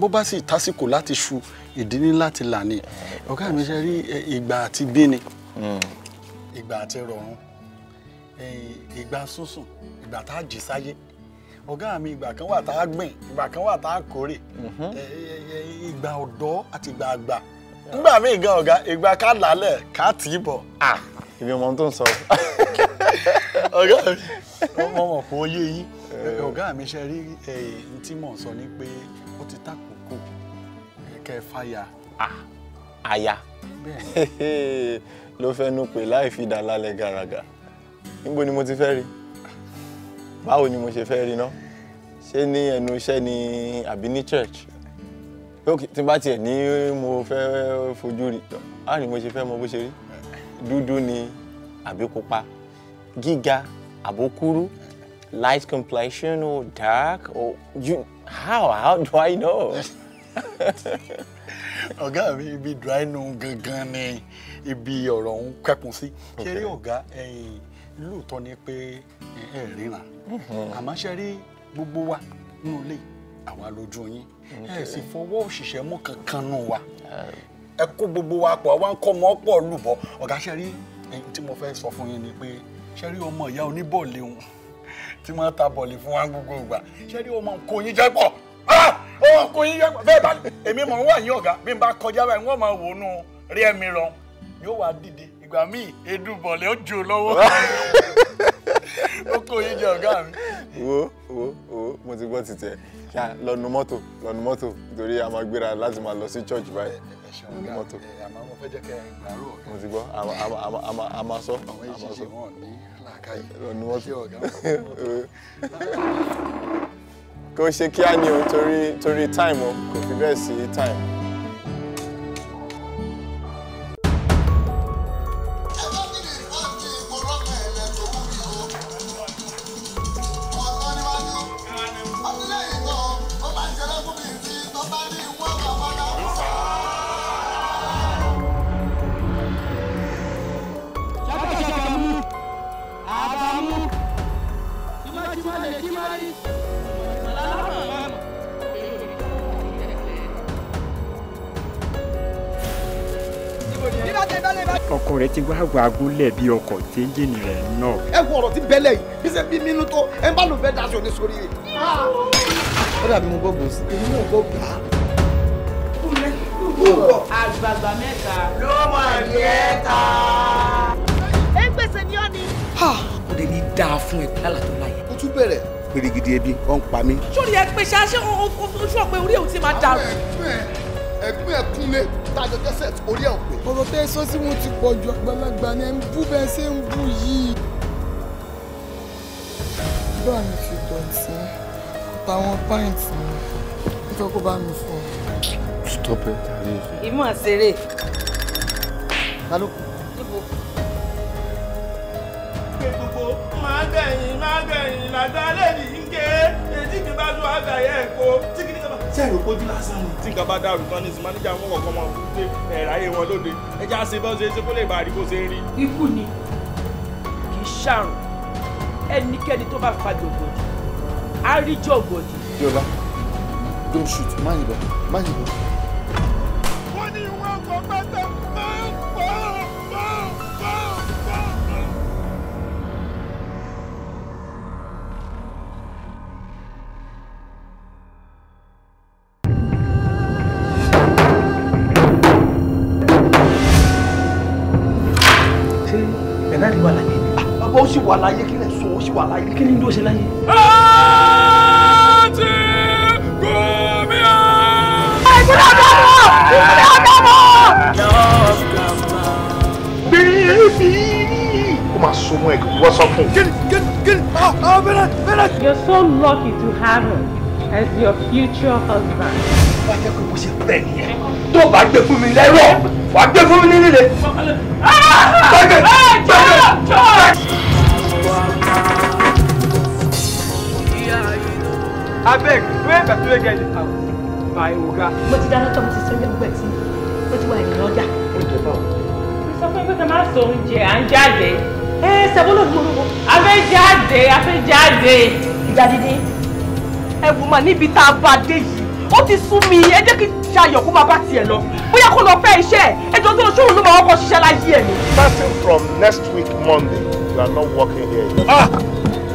bó bá sì tásìkò láti ṣu ìdí ní láti là ní ọ̀gá mi ṣe rí ìgbà àti bíni hmm. ìgbà àti rọ̀rùn ìgbà sísùn ìgbà tá a jí sáyé ọ̀gá mi ìgbà kan wà tá a gbìn ìgbà kan wà tá a kórè mm-hmm. ìgbà ọ̀dọ́ àti ìgbà àgbà nígbà míì gan ọ̀gá ìgbà ká làálẹ̀ ká tì í bọ̀. Ah èmi ọmọ tó ń sọ. ọ̀gá mi wọ́n mọ̀ fún oyé yín ọ̀gá mi ṣe rí ẹ̀yìn tí mò ń sọ ni pé ó ti tàkókò kẹ́ ẹ fàyà. àyà ló fẹ́nu pè láì fi dà lálẹ́ gàràgà níbo ni mo ti fẹ́ rí ni mo ṣe fẹ́ ni àbí church ok bá tiẹ̀ ní mo fẹ́ fojú rí á ní mo ṣe fẹ́ mọ dúdú ni àbí pupa gíga àbókúrú light complexion or dark or you how how do I know. ọ̀gá mi ibi dry nu gangan ni ibi ọ̀rọ̀ ń kẹ́kun sí ṣe rí ọ̀gá ẹ̀yìn lóòótọ́ ni pé ẹ ríran mhm. àmọ́ ṣe rí gbogbo wa nínú ilé àwa lójú yín ẹ sì fọwọ́ òṣìṣẹ́ mú kankan nù wa ẹ kó gbogbo wa pọ̀ wá ń kọ́ ọmọ pọ̀ lùbọ̀ ọ̀gá ṣe rí ẹni tí mo fẹ́ sọ fún yín ni pé ṣe rí ọmọ ìyá oníbọ̀ọ̀lì òun tí wọ́n ta bọ̀ọ̀lì fún wa gbogbo ìgbà ṣe rí ọmọ nǹkan oyin jẹ́ pọ̀ ọmọ nǹkan oyin jẹ́ pọ̀ bẹ́ẹ̀ bá èmi mọ̀ ń wà yín ọ̀gá bí n bá kọjá báyìí wọ́n máa wò ó nù rí ẹ̀mí lọ yóò wá dìde ìgbà míì edu bọ̀ọ̀lì ó jò lọ́wọ́ ó kó oyin jẹ ọ̀gá mi. wo wo wo mo ti gbọ́ títẹ̀ lọ́nu mọ́tò lọ́nu mọ́tò nítorí a máa gbéra láti máa lọ sí church báyìí ṣeun ọ̀gá àmọ́ mo fẹ́ jẹ́ kẹ́ ẹ ọ̀gá. mo ti gbọ́ a máa sọ. àwọn ìṣiṣẹ́ wọn ní làákàyè ni wọ́n ti ọ̀gá. kò ṣe kíá ni o torí time o kò fi bẹ́ẹ̀ sí time. rẹ ti wá wàgúnlẹ̀ bí ọkọ̀ téjìnì rẹ̀ náà. ẹ wo ọ̀rọ̀ tí bẹ́lẹ̀ yìí bí ṣe bí mímú tó ẹ bá lò fẹ́ daṣọ ní sórí rẹ̀. ó dàbí mo gbọ́ bòsí èmi náà gbọ́ bá. àgbààgbà mẹ́ta ló mọ̀ ní ẹ̀ta. ẹ gbèsè ní ọ ni. ó lè ní dáa fún ẹ lálà tó láyé. ó tún bẹ̀rẹ̀ pèrègidì ẹbí ọ̀ pa mí. sórí ẹ pèsè aṣẹ́ ojú ọ̀pẹ orí ẹ̀ ti máa dàrú. ẹ̀gbọ́n ẹ̀ kúnlẹ̀ tájọ jẹ́sẹ̀ orí ẹ̀ ò pé. ọ̀rọ̀ tẹ́ sọ sí wọn ti pọ̀ ju àgbàlagbà ni ẹ̀ ń bú bẹ́ẹ̀ ṣe ń bú yìí. bá mi fi dọ̀tí àtàwọn pàǹtì mi ń kó bá mi fọ. stop it àríyìn. ìmọ̀ àṣeré. ta níbo. pé gbogbo máa bẹ̀yìn máa bẹ̀yìn làgbà lẹ́yìn ń gé mi bá tún àgbà yẹ̀ ṣé èrò kojú lásán ni. tí nǹkan bá dàrú tán ní sí máníjà wọn kọ̀ọ̀kan máa fún pé ẹ̀rá yé wọn lóde ẹjẹ́ àṣẹ bá ṣe é ṣe kó lè bá a rí bó ṣe ń rí. ikú ni kì í ṣàrùn ẹnikẹ́ni tó bá fa jògbòdì á rí jògbòdì. yorùbá don't shoot má yìnbọn wà láyé kí ni ló ṣe láyé. ẹtì gómi ọ. ìpínlẹ̀ ọ̀dọ́mọ̀ ìpínlẹ̀ ọ̀dọ́mọ̀. bẹ́ẹ̀ni ó máa sọ mọ́ ẹ̀ kí wọ́n sọ fún un. get it get it get it oh ah, oh ah, bẹ́ẹ̀ bẹ́ẹ̀. you're so lucky to have him as your future husband. wọ́n á jẹ́ pé mo ṣe bẹ́ẹ̀ nìyẹn tó bá gbé fún mi lẹ́rọ̀ wàá gbé fún mi nílé. gbàgbé gbàgbé gbàgbé. abeg wey person wey get dis house my oga. mo ti dáná tán mo ti sẹ́yìn ọgbẹ́ tí mo ti wà ní ọjà. oúnjẹ bá wà. mo sọ fún yín pé ká máa sọ oúnjẹ à ń jáde. ẹ sẹ́wọ́n ló ń a fẹ́ jáde a fẹ́ jáde. ìjà dídín ẹ wù mà níbi tá a bá dé yìí ó ti sú mi ẹ jẹ́ kí ṣayọ̀ kó máa bá tiẹ̀ lọ bóyá kó lọ fẹ́ iṣẹ́ ẹ jọ tó ṣóòrùn ló máa wọ́pọ̀ ṣiṣẹ́ láyé ẹ̀ ni. starting from next week Monday you are not working here. ah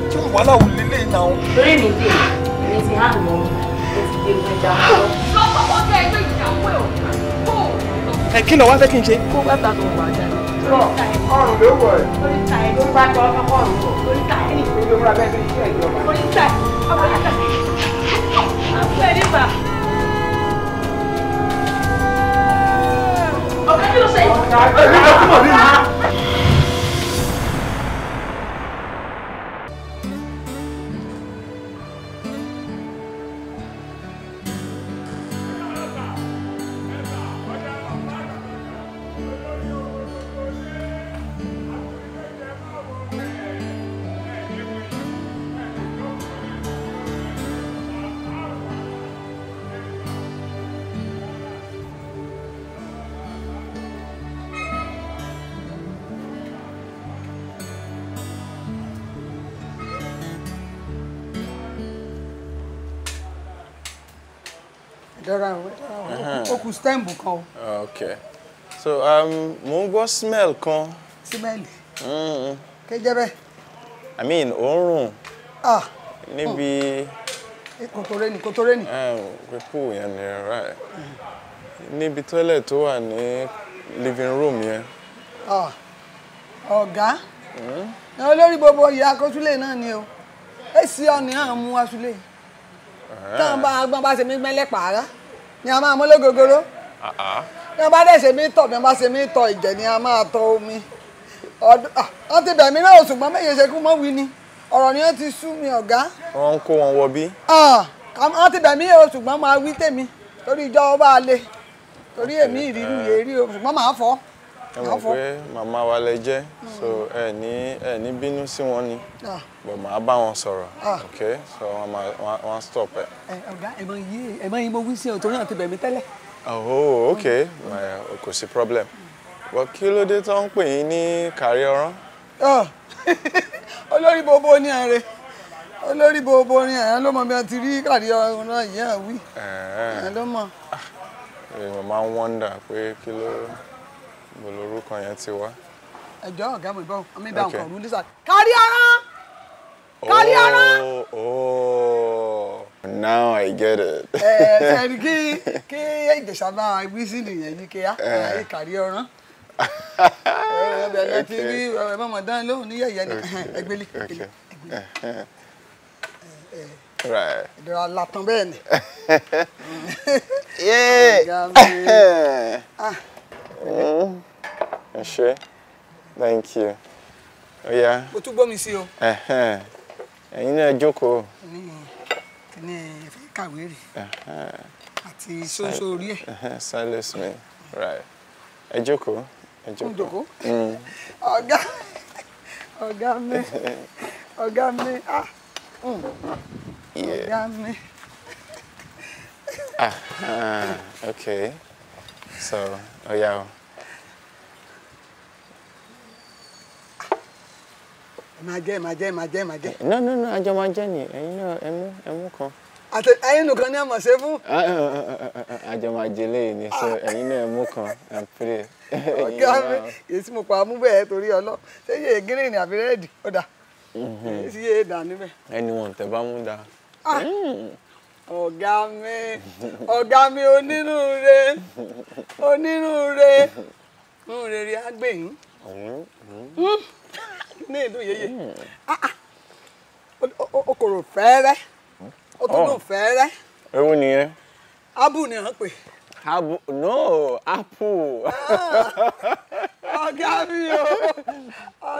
kí wàhálà wò lélẹ́yìn náà. lórí mi dé ẹ ti hàn wọ́n ẹ ti gbé wọn jà wọ́n. lọ́pọ̀ ọjọ́ ẹgbẹ́ ìyàwó ẹ̀ ò ẹ kí ló wá fẹ́ kí n ṣe. kó bá ta kò wá jáde. ọrùn ló wọ̀ ẹ́. oríta ẹ̀ ló bá tọ́ ọkọ ọrùn wọ̀. oríta ẹ̀ ní ìpínlẹ̀ òwúrọ̀ abẹ́ tó ṣiṣẹ́ ìjọba. oríta ẹ̀ ọmọ yàtọ̀ sí. àwọn ẹni bá. ọ̀gá kí ló ṣe. ọ̀gá kí ló túbọ̀ nínú. kù stem kan o. Ah, okay so um, mò ń gbọ́ smell kan. smell. kéjẹ́ bẹ́ẹ̀. i mean òórùn. ah níbi. Eh, kòtòrè ni kòtòrè ni. Eh, pípò yẹn ni right níbi toilet tó wà ní living room yẹn. Ah. ọ̀gá hmm? olórí gbogbo ìyá akọ́súlẹ̀ náà ni o èsì ọ̀nì náà mú wá súlẹ̀ ah. táwọn bá agbọ́n bá ṣe mí gbẹ́lẹ̀ pààrà ni a máa mú lógógóró ní a bá dẹ̀ ṣe mí tọ̀ ní a bá ṣe mí tọ̀ ìjẹ̀ ni a máa tọ̀ omi ah, wọ́n ti bẹ̀mí náà ṣùgbọ́n méje ṣe kú mọ́ wí ni ọ̀rọ̀ ni wọ́n ti sú mi ọ̀gá. wọ́n ń kó wọn wọ bí. Ah, wọ́n ti bẹ̀mí náà ṣùgbọ́n máa wí tèmi torí ìjọ ọba àlè torí èmi ìrírú yèé rí o ṣùgbọ́n máa fọ́ ẹ mọ̀ pé màmá wa lẹ jẹ́ hmm. so ẹ ní ẹ ní bínú sí wọn ni ah. but màá bá wọn sọ̀rọ̀ ah. ok so wọn máa wọn stop ẹ. ọ̀gá ẹ̀ máa yí ẹ̀ máa yí mo wí sí ọ̀tún náà ti bẹ̀ mí tẹ́lẹ̀. oh ok hmm. kò sí problem but kí ló dé tó ń pè yín ní kárí ọ̀rán. Ah. olórí bobo ní ààrẹ olórí bobo ní ààrẹ ló mọ bí wọn ti rí kárí ọ̀rán yìí àwí ẹ ló mọ. mo máa ń wonder pé kí ló mo lorúkọ yẹn ti wá. ẹjọ ọgá mi bọ mi bá nǹkan rú lisa kárí ara kárí ara. Oh, oh. now i get it. ẹ ẹ kí kí ìjẹsà máa wí sí nìyẹn yìí kí á eh. kárí ọrán ẹbẹ ti rí ọ̀rẹ́ lóhùn ní yẹyẹ ní ẹgbẹlẹ ẹgbẹlẹ ìdọ̀rọ̀ àlàtàn bẹ́ẹ̀ ni. ọ̀gá mi. Ah. Mm ẹ thank you ó yá. o tún gbọ́ mi sí o. ẹ̀yin náà jókòó. ní kíní ẹ̀fẹ́ kàwé rè àti ṣóńṣó orí ẹ̀. silence me right ẹ jókòó ẹ jókòó. Mm. ọ̀gá ọ̀gá mi ọ̀gá mi ah mm. ọ̀gá mi. ah okay so Oh. yá o. máa no no no I máa want ni ẹyin know I'm ẹmú kan. àti ẹyin nìkan ni a mọ̀ ṣe fún. àjọ ah, ah, ah, máa jẹ lẹ́yìn ni so ẹyin náà ẹmú kan and pray. ọ̀gá mi èyí tí mo pa mú bẹ́ẹ̀ torí ọlọ́ ṣé yé green àbí red ó Anyone, the sì Oh dà níbẹ̀. anyone tẹ bá mú da. Mm. ọ̀gá mi ọ̀gá mi onínúure onínúure nínú ní ìlú yeye hmm. ah, ah. o kò rò fẹ́ẹ́rẹ́ o tó lò oh. fẹ́ẹ́rẹ́. ewu nìyẹn. abu ni à ń pè Cabo, no, apple. Oh, mi oh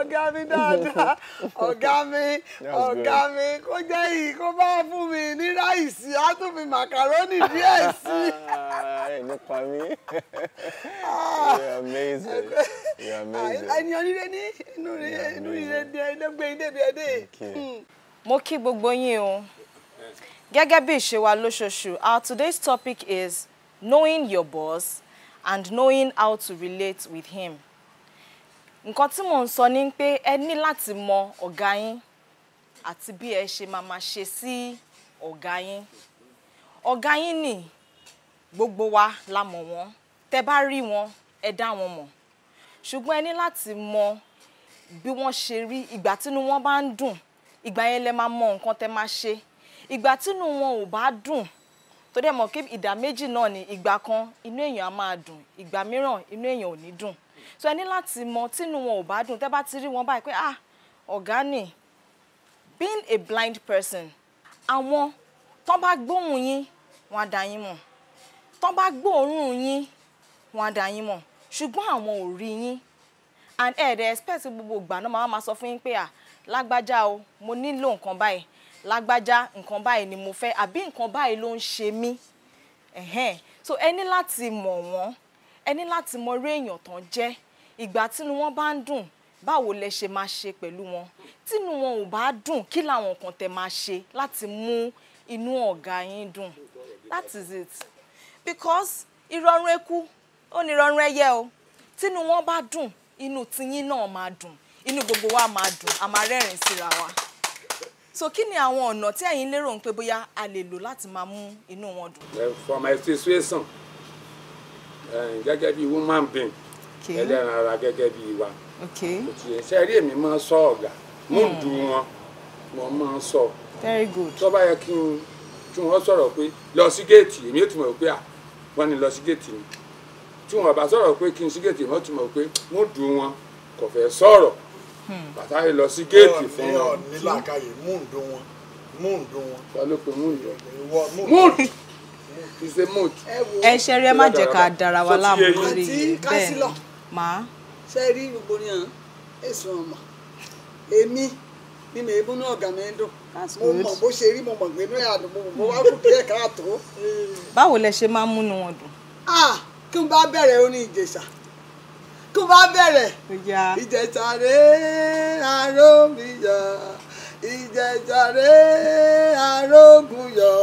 ọ̀gá mi dáadáa, ọ̀gá mi, ọ̀gá mi, kó jẹ́ yìí kó bá fún mi ní ráìsì, á tún fi màkàrónì díẹ̀ sí. Ah, nípa mi, ah, you're amazing, you're ah, amazing. Ẹni oníire ní inú ire ní ẹgbẹ́ ilé mi ẹdẹ. Mo kí gbogbo yín o. Gẹ́gẹ́ bí ìṣe wa lóṣooṣù, our today's topic is knowing your boss and knowing how to relate with him nǹkan tí mò ń sọ ni pé ẹ ní láti mọ ọ̀gá yín àti bí ẹ ṣe máa máa ṣe sí ọ̀gá yín ọ̀gá yín ni gbogbo wa la mọ̀ wọ́n tẹ́ bá rí wọn ẹ dá wọn mọ̀ ṣùgbọ́n ẹ ní láti mọ bí wọ́n ṣe rí ìgbà tínú wọn bá ń dùn ìgbà yẹn lẹ máa mọ nǹkan tẹ́ máa ṣe ìgbà tínú wọn ò bá dùn torí ẹ mọ̀ kí ìdá méjì náà ni ìgbà kan inú èèyàn á máa dùn ìgbà mìíràn inú èèyàn ò ní dùn so ẹ ní láti mọ tínú wọn ò bá dùn tẹ́ bá ti rí wọn báyìí pé ah ọ̀gá ni being a blind person àwọn tán bá gbóhùn yín wọn á dá yín mọ̀ tán bá gbóòórùn yín wọn á dá yín mọ̀ ṣùgbọ́n àwọn ò rí yín and ẹ̀ dẹ̀ expect gbogbo ìgbà náà máa ma sọ fún yín pé ah lágbájá o mo nílò nǹkan báyìí lágbájá nǹkan báyìí ni mo fẹ́ àbí nǹkan báyìí ló ń ṣe mí so ẹ láti mọ̀ wọ́n ẹ láti mọ eré èèyàn tán jẹ́ ìgbà tínú wọn bá ń dùn báwo lẹ ṣe máa ṣe pẹ̀lú wọn tínú wọn ò bá dùn kí làwọn kan tẹ máa ṣe láti mú inú ọ̀gá yín dùn that is it because ìrọ̀rùn eku ó ní ìrọ̀rùn ẹyẹ o tínú wọn bá dùn inú tiyín náà máa dùn inú gbogbo wa máa dùn a síra wa so kí ni àwọn ọ̀nà tí ẹ̀yin lérò ń pé bóyá a lè lò láti máa mú inú wọn dùn. for my situation gẹ́gẹ́ bí woman being ẹlẹ́ran ara gẹ́gẹ́ bí wa ṣe rí èmi máa ń sọ ọ̀gá mú dùn wọn mo máa sọ very good tó bá yẹ kí n tí wọ́n sọ̀rọ̀ pé lọ sí géètì èmi ò tún mọ̀ pé à wọ́n ní lọ sí géètì ni tí wọ́n bá sọ̀rọ̀ pé kí n sí géètì wọ́n tún mọ̀ pé mú dùn wọn kò fẹ́ sọ̀rọ̀ bàtà yìí lọ sí géètì fún wọn. ní làákàyè múùndù wọn múùndù wọn. ta ló pe múùndù. múùndù ìṣe múùndù. ẹ ṣe rí ẹ má jẹ́ ká dára wa láàmú lórí bẹ́ẹ̀ máa. ṣe rí gbogbo ní à èso ọmọ èmi ni mi ìbúnú ọ̀gá mi ń dùn mo mọ̀ bó ṣe rí mo mọ̀ gbé náà àdùn mo mọ̀ wá kù díẹ̀ káàtó. báwo lẹ ṣe máa ń múnú wọn dùn. ah kí n bá bẹ̀rẹ̀ orin ìjèṣà kó bá bẹ̀rẹ̀ ìjẹta rèé aró mi yọ ìjẹta rèé arógun yọ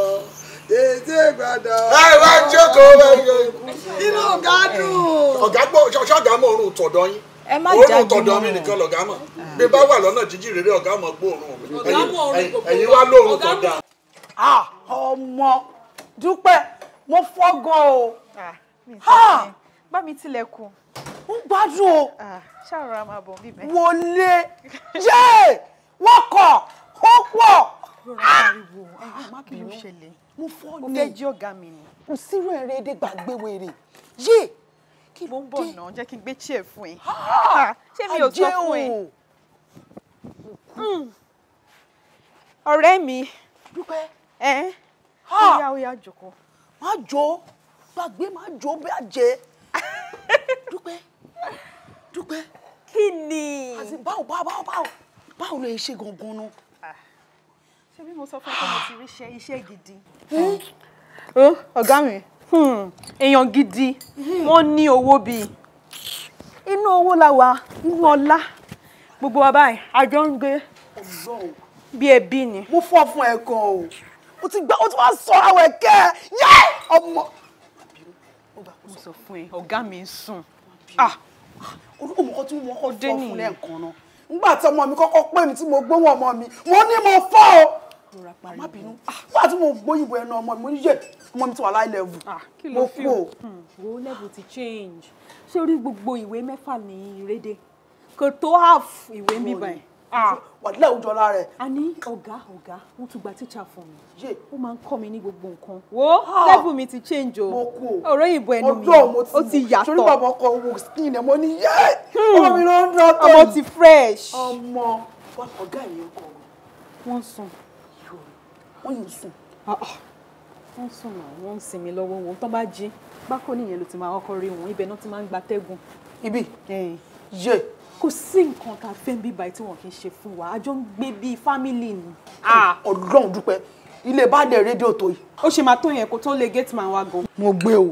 ètè gbàdá. ẹ wá jókòó ẹ yòókù. inú ọ̀gá dùn. ọ̀gá gbọ́ ṣọ́ọ̀gá mọ̀ orun tọ̀dọ̀ yín orun tọ̀dọ̀ mi nìkan lọ̀gá mọ̀ ah. bí bá wà lọ́nà jíjìn rere ọ̀gá mọ̀ gbóòórùn ẹ̀yin wá lóòórùn tọ̀dà. Ah, ọmọ dúpẹ́ mo fọ́gàn o. Ah, bá mi tilẹ̀kùn ń gbádùn o. ṣàròrà máa bọ̀ bíbẹ̀. wọlé yé wọ́n kọ̀ ó pọ̀. rọra ariwo ah! má kí ló ṣẹlẹ̀ mo fọ́ ni mo fẹ́ jí ọ̀gá mi ni. kò sírò ẹ̀rẹ́ èdè gbàgbé wèrè yé kí ló ń bọ̀ náà jẹ́ kí n gbé chair fún ẹ. Ah! Ah, ṣé mi ò sọ fún ẹ. Hmm. ọ̀rẹ́ mi. dúpẹ́. ẹ ó yá ó yá jòkó. má jò gbàgbé má jò bí àjẹ́ dúpẹ́ dúpẹ́. kí ni. àti báwo báwo báwo báwo báwo lè ṣe gangan nu. Ah. ṣé bí mo sọ fún ọkọ mi ti rí iṣẹ́ iṣẹ́ gidi. Hmm? Hmm? ọ̀gá mi hmm, èèyàn gidi wọ́n ní owó bíi inú owó la wà inú ọlá gbogbo wa báyìí àjọ ń gbé bí ẹbí ni. mo fọ́ fún ẹ gan o o ti gbá o ti wá sọ àwọn ẹ̀kẹ́ yẹ́ ọmọ. mo sọ fún ẹ ọ̀gá mi ń sùn. Ah, orúkọ mọ́kọ́ tí wọ́n kọ́ dé fún lẹ́ẹ̀kan náà nígbà tí ọmọ mi kọ́kọ́ pè mí tí mo gbóhùn ọmọ mi mo ní mo fọ́ o má bínú ah, nígbà tí mo gbóyìnbó ẹnu ọmọ mi mo ní ọmọ mi ti wà láì lẹ́wù ah, mo kú o. Hmm, wo level ti change ṣé orí gbogbo ìwé mẹ́fà ní ìrédè kò tó half ìwé bíbá Ah. wà lẹ́ òjò ọ̀la rẹ̀. a ní ọ̀gá ọ̀gá wọ́n tún gba tíṣà fún mi ó máa ń kọ́ mi ní gbogbo nǹkan wo ah. lẹ́bù mi ti change o ọ̀rọ̀ òyìnbó ẹnu mi ó ti yàtọ̀ torí bàbá ọkọ̀ wò skin ẹ̀ mọ́ ní yé hmm. ọmọ mi ló ń dán tó ọmọ ti fresh. ọmọ ọ̀gá ìyẹn kọ̀ wọ́n sùn wọ́n yìí sùn ah, wọ́n sùn náà wọ́n ń sinmi lọ́wọ́ wọn tó bá jí bákò nìyẹn ló ti máa kọ́kọ́ rí wọn ibẹ̀ náà ti máa ń gbatẹ́gùn. ibi yé. Yeah kò sí nǹkan tá a fẹ́ ń bí báyìí tí wọ́n kì í ṣe fún wa a jọ ń gbé bíi fámìlì ni. Ah. Ah, ọlọ́run dúpẹ́ ilé baálé rédíò tó yìí. ó ṣe máa tó yẹn kó tó lè gate man wa gan. mo gbé o.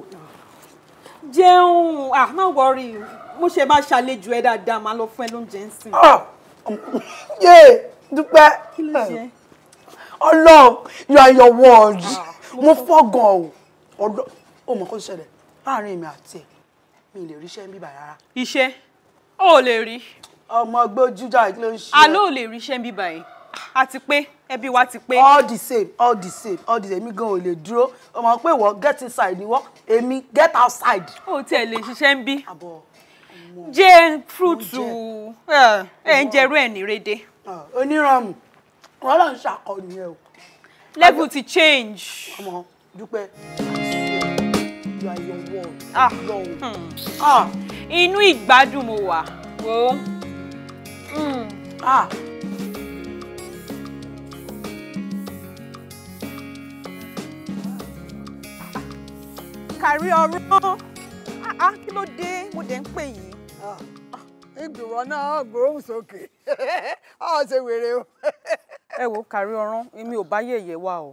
jẹun ah má wọrí mo ṣe máa ṣàlejò ẹ dáadáa máa lọ fún ẹ lóúnjẹ ń sìn. Ah, yé dúpẹ́ ọlọ́run you are your mo fọ́ o ọmọ kan ṣẹlẹ̀ láàrin èmi àti ẹ̀ mi lè ríṣẹ́ ń bíbà rárá. iṣẹ́ ó lè rí. ọmọ gbójújà ló ń ṣe. àlọ́ ò lè rí iṣẹ́ ń bí báyìí àti pé ẹbí wa ti pé. all the same all the same all the same èmi gan ò lè dúró ọmọ pé wọ́n get inside ni wọ́n èmi get outside. o tiẹ̀ lè ṣiṣẹ́ ń bí jẹ fúrúùtù ah, ẹ ń jẹrú ẹ̀ nírede. Ah, onírànmù wọn lọ ń ṣàkọni ẹ o. level ti change. ọmọ dúpẹ́ you are ah. Hmm. ah. inú ìgbádùn mo wà wò ó. Hmm. Ah. ah ah kí ló dé mo dẹ̀ ń pè yín. Ah, ah, ìgbìmọ̀ náà gbòòrùn sókè ọ̀ ṣe wèrè o. ẹ wo kárí ọ̀rọ̀ èmi ò bá yẹ̀yẹ̀ wá o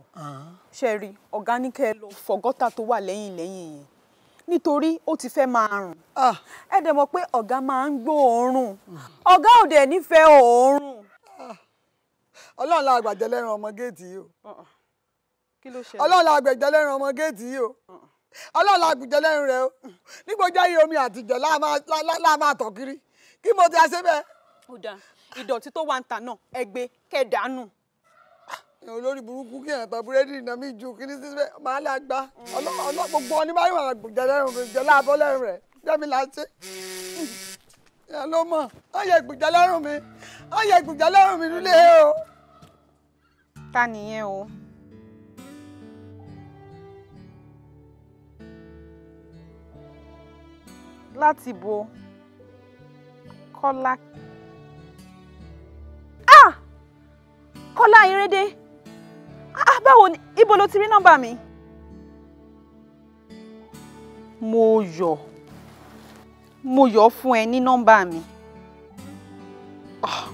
ṣe rí ọ̀gá lọ tó wà lẹ́yìn lẹ́yìn yẹn nítorí ó ti fẹ́ máa rùn ah. ẹ dẹ̀ mọ̀ pé ọ̀gá máa ń gbọ́ oorun. ọ̀gá ò dẹ̀ nífẹ̀ẹ́ òórùn. Ah. ọlọ́run la ọmọ géètì yìí o uh-uh. ọlọ́run ọmọ géètì yìí o uh-uh. ọlọ́run la lẹ́ran rẹ o omi àtijọ́ láà máa tọ̀ kiri ti ṣe bẹ́ẹ̀. ìdọ̀tí tó wà ń ta náà ẹgbẹ́ èèyàn olórí burúkú kí èèyàn ta búrẹ́dì iná mi ju kí ní sísè máa lè gbá ọlọ́ gbogbo oníbàárà wà jẹjẹ jẹ láàbọ̀ lẹ́rù rẹ̀ jẹ́mi láti èèyàn ló mọ̀ wọ́n yẹ ìgbìjà lẹ́rùn mi wọ́n yẹ ìgbìjà lẹ́rùn mi nílé o. ta nìyẹn o. láti bo kọ́lá. ah kọ́lá erédé. Ah, báwo ni ibo ló ti rí nọ́mbà mi? Mo yọ̀. Mo yọ̀ fún ẹ ní nọ́mbà mi. Ah.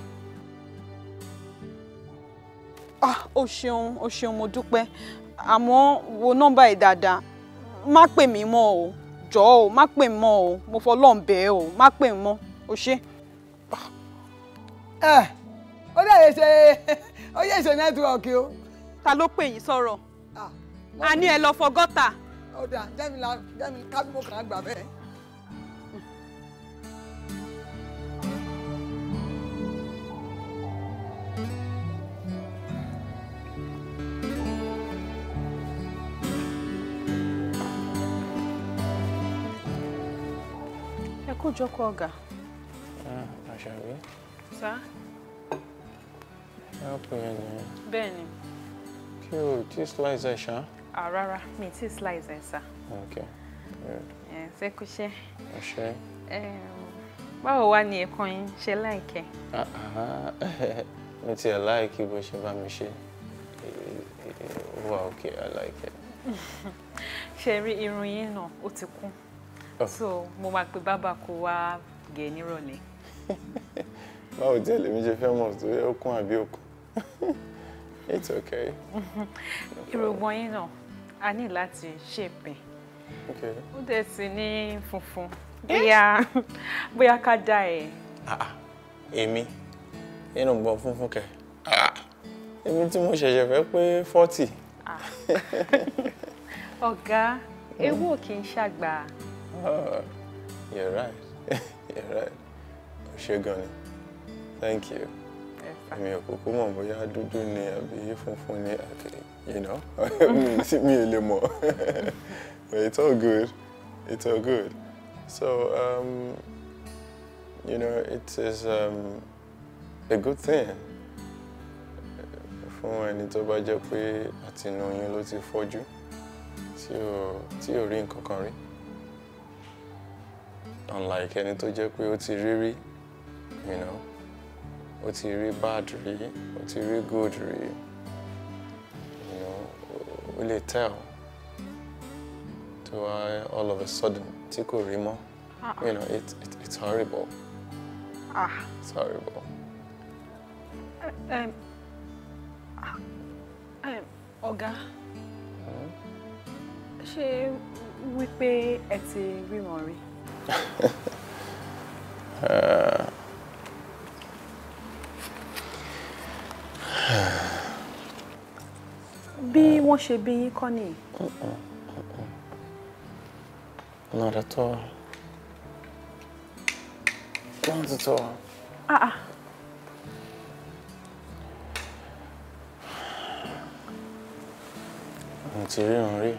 ah o ṣeun, o ṣeun, mo dúpẹ́. Àmọ́ wo nọ́mbà ẹ̀ dáadáa. Má pè mí mọ́ o. Jọ̀ọ́ o, má pè mí mọ́ o. Mo fọlọ́run bẹ́ẹ̀ o. Má pè mí mọ́. O ṣe. Ah. Eh, ẹ ó dẹ̀ lè ṣe ó yẹ ṣe nẹ́tíwọ̀kì o ta ló pè yín sọ̀rọ̀ ah, a ní ẹ lọ fọ gọ́tà. ọ̀dà jẹ́mi la jẹ́mi kábímọ̀ kàn án gbà bẹ́ẹ̀. ẹ kó jókòó ọ̀gá. Ah, àṣàbí. sá. ẹ ó pè é nìyẹn. bẹ́ẹ̀ ni ṣé o ti slice ẹ ṣá. rárá mi ti slice ẹ sá. ok good. ẹ eh, ṣe kú ṣe. ẹ ṣe. báwo wá ni ẹ̀kọ́ yín ṣe láìkẹ́. mi tiẹ̀ láìkí bó ṣe bá mi ṣe ó eh, wà òkè i like it. ṣe rí irun yín náà ó ti kún oh. so mo máa pe bàbá kó wá gẹ̀ e nírọ̀lẹ́. báwo jẹ́ lèmi ṣe fẹ́ mọ̀ tó yẹ ó kún àbí ó kún. it's okay. Ìrògbọ̀n yín náà, a ní láti ṣèpè. Ó dẹ̀ sí ní funfun. Eh? Bóyá bóyá ká dá ẹ̀. Ah, ah. Èmi, inú gbọ̀n funfun kẹ̀. Ah, èmi tí mo ṣẹ̀ṣẹ̀ fẹ́ pé forty. Ọ̀gá, ewu ò kì í ṣàgbà. You're right, you're right. Ṣé gan ni? Thank you àmì òkúkú mọ̀ bóyá dúdú ni àbí funfun ni àti you know mi ò lè mọ̀ but it's all good it's all good so um, you know it is um, a good thing fún ẹni tó bá jẹ́ pé àtinú yín ló ti fọ́jú tí ò tí ò rí nǹkan kan rí unlike ẹni tó jẹ́ pé ó ti rí rí you know ó ti rí bad rí ó ti rí good rí you know ó lè tell to I all of a sudden tí kò rí mọ́ ah. you know it, it, it's horrible ah. it's horrible. um, um, ọ̀gá hmm? ṣé wípé ẹ ti ríran rí. bí wọ́n ṣe bí yín kọ́ nìyí. Not at all. Not at all. Ah ah. Mo ti rí òun rí.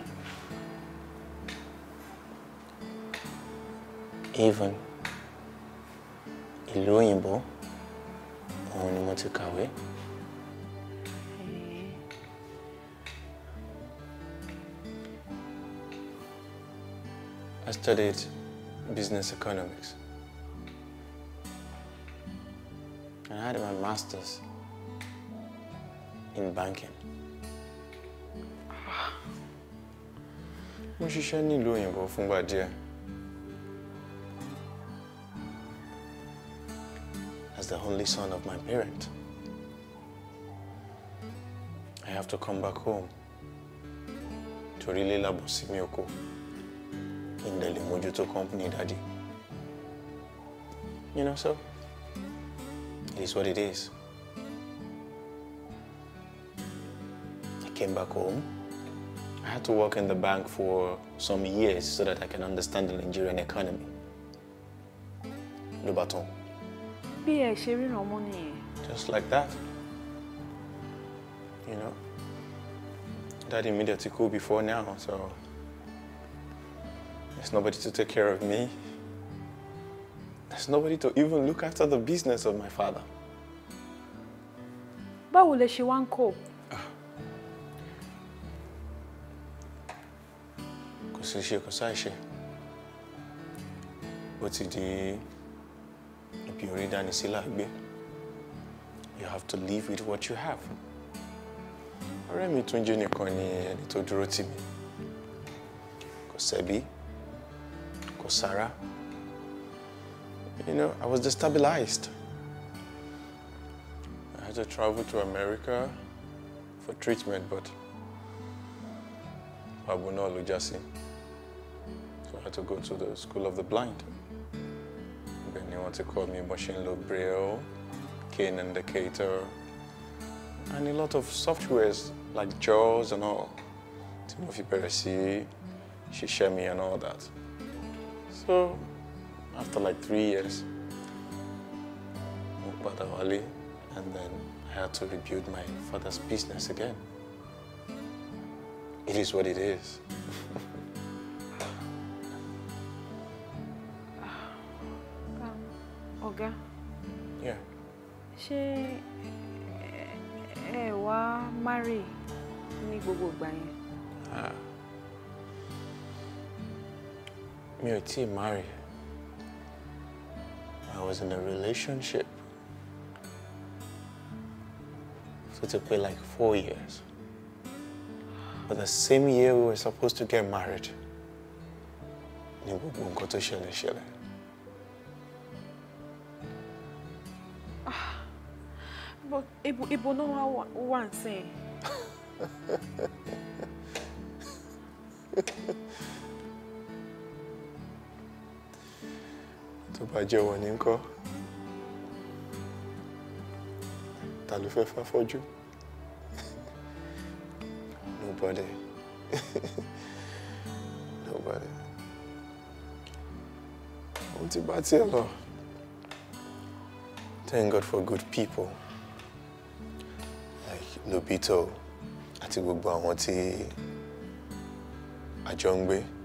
Even ìlú òyìnbó òun ni mo ti kàwé. I studied business economics. And I had my master's in banking. Mo ṣiṣẹ́ nílùú òyìnbó fúngbà díẹ̀. As the only son of my parent, I have to come back home to really labor sí mi in the lè company daddy you know so it is what it is I came back home I had to work in the bank for some years so that I can understand the Nigerian economy ló baton. just like that you know that immediately cool before now so. There's nobody to take care of me. There's nobody to even look after the business of my father. Báwo will she want to? kó? Kò sí ṣe kò sáì ṣe. Ó ti di ibi You have to live with what you have. Ọ̀rẹ́ mi Túnjí nìkan ni ẹni tó dúró tì mí. Kò sẹ́bí. Uncle Sarah. You know, I was destabilized. I had to travel to America for treatment, but Abuna Lujasi. So I had to go to the School of the Blind. Then they want to call me Machine Braille, Cane Indicator, and a lot of softwares like JAWS and all. Timothy Peresi, Shishemi and all that. So, after like three years, moved back to Ali, and then I had to rebuild my father's business again. It is what it is. um, Ọ̀gá. Yeah. Ṣé eh, wá marry ní gbogbo ìgbà Ah. Me ò T marry. I was in a relationship. So it took like four years. But the same year we were supposed to get married, you go nǹkan tó ṣẹlẹ̀ ṣẹlẹ̀. Ah, but ibo ibo no wa wa tó bá jẹ́ wọn ní ńkọ́ ta ló fẹ́ fáfọ́jú nobody nobody ohun ti bá tiẹ̀ lọ thank God for good people like Lobito àti gbogbo àwọn tí a jọ ń gbé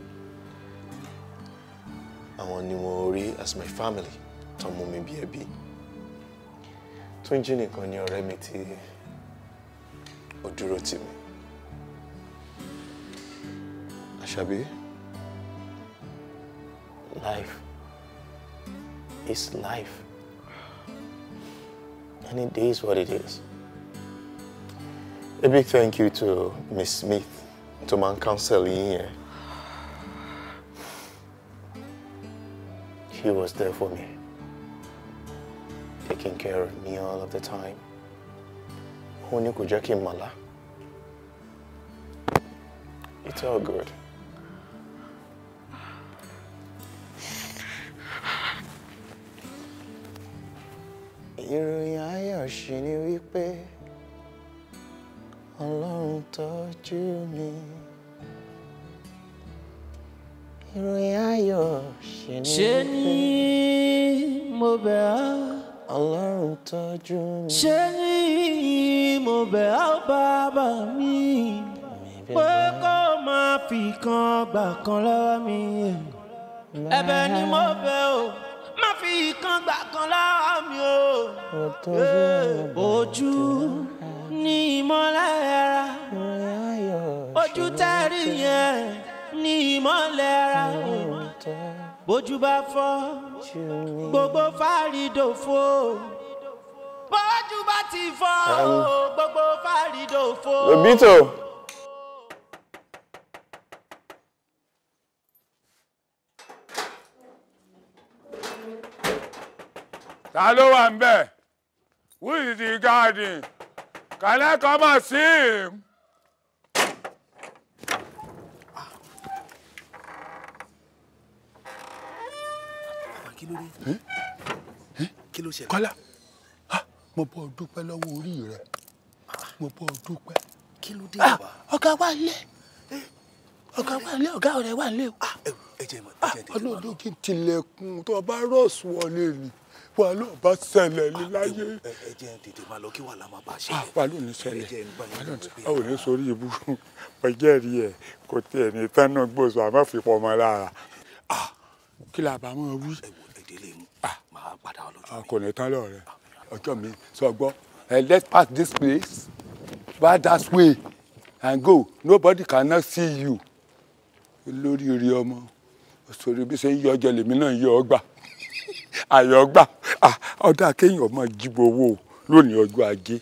àwọn ni mo rí as my family tó mú mi bí ẹbí Túnjí nìkan ni ọ̀rẹ́ mi tí ó dúró tì mí Àṣàbí life is life and it is what it is a big thank you to Miss Smith to máa ń counsel yín yẹn. He was there for me, taking care of me all of the time. Ó ní màlá. It's all good. Ìròyìn ayọ̀ ṣì ni wípé Ọlọ́run tọ́jú ìròyìn ayọ̀ ṣe ni mo bẹ̀ ọ́. ọlọ́run tọ́jú mi. ṣe ni mo bẹ̀ ọ́ bàbá mi pé kó máa fi kan gbà kan lọ́wọ́ mi. ẹ̀bẹ̀ ni mo bẹ̀ ọ́ má fi kan gbà kan lọ́wọ́ mi o. ojú ni ìmọ̀lára ojú tẹ́rí yẹn ní ìmọ̀lẹ̀ ara bójú bá fọ́ gbogbo fárídòfo bójú bá ti fọ́ gbogbo fárídòfo. Obito. ta ló wà ń bẹ̀ who is the garden can I come and lórí. kí ló ṣẹlẹ̀. kọ́lá ah, mo bọ́ dúpẹ́ lọ́wọ́ orí rẹ mo bọ́ dúpẹ́. kí ló dé bàbá. Ah, ọ̀gá wa lé ọ̀gá wa lé ọ̀gá rẹ̀ wà lé o. Ah, ẹ jẹ́ ìmọ̀ ẹ jẹ́ ìdílé wa. ọlọ́dún kí n tilẹ̀kùn tó bá rọ̀ọ̀sù wọlé ni wà ló bá ṣẹlẹ̀ ní láyé. ẹ jẹ́ tètè máa lọ kí wàhálà máa bá ṣe. wà ló ní ṣẹlẹ̀ a ò ní sórí ibú ọjọ́ rí ẹ kò tiẹ̀ ní tán náà gbòòsò àmọ́ fi pọ̀ mọ́ lára. kí la bá máa wí délé mu ah. màá padà ọlọ́jọ́ ah, mi. kò ní tán lọ ah, ọjọ́ mi sọ gbọ́ let's pass this place by that way and go nobody cannot see you lórí orí ọmọ sori bí ṣe ń yọ lèmi náà yọ ọgbà àyọ ọgbà ọdọ akéèyàn ọmọ jíbo owó lónìí ọjọ́ ajé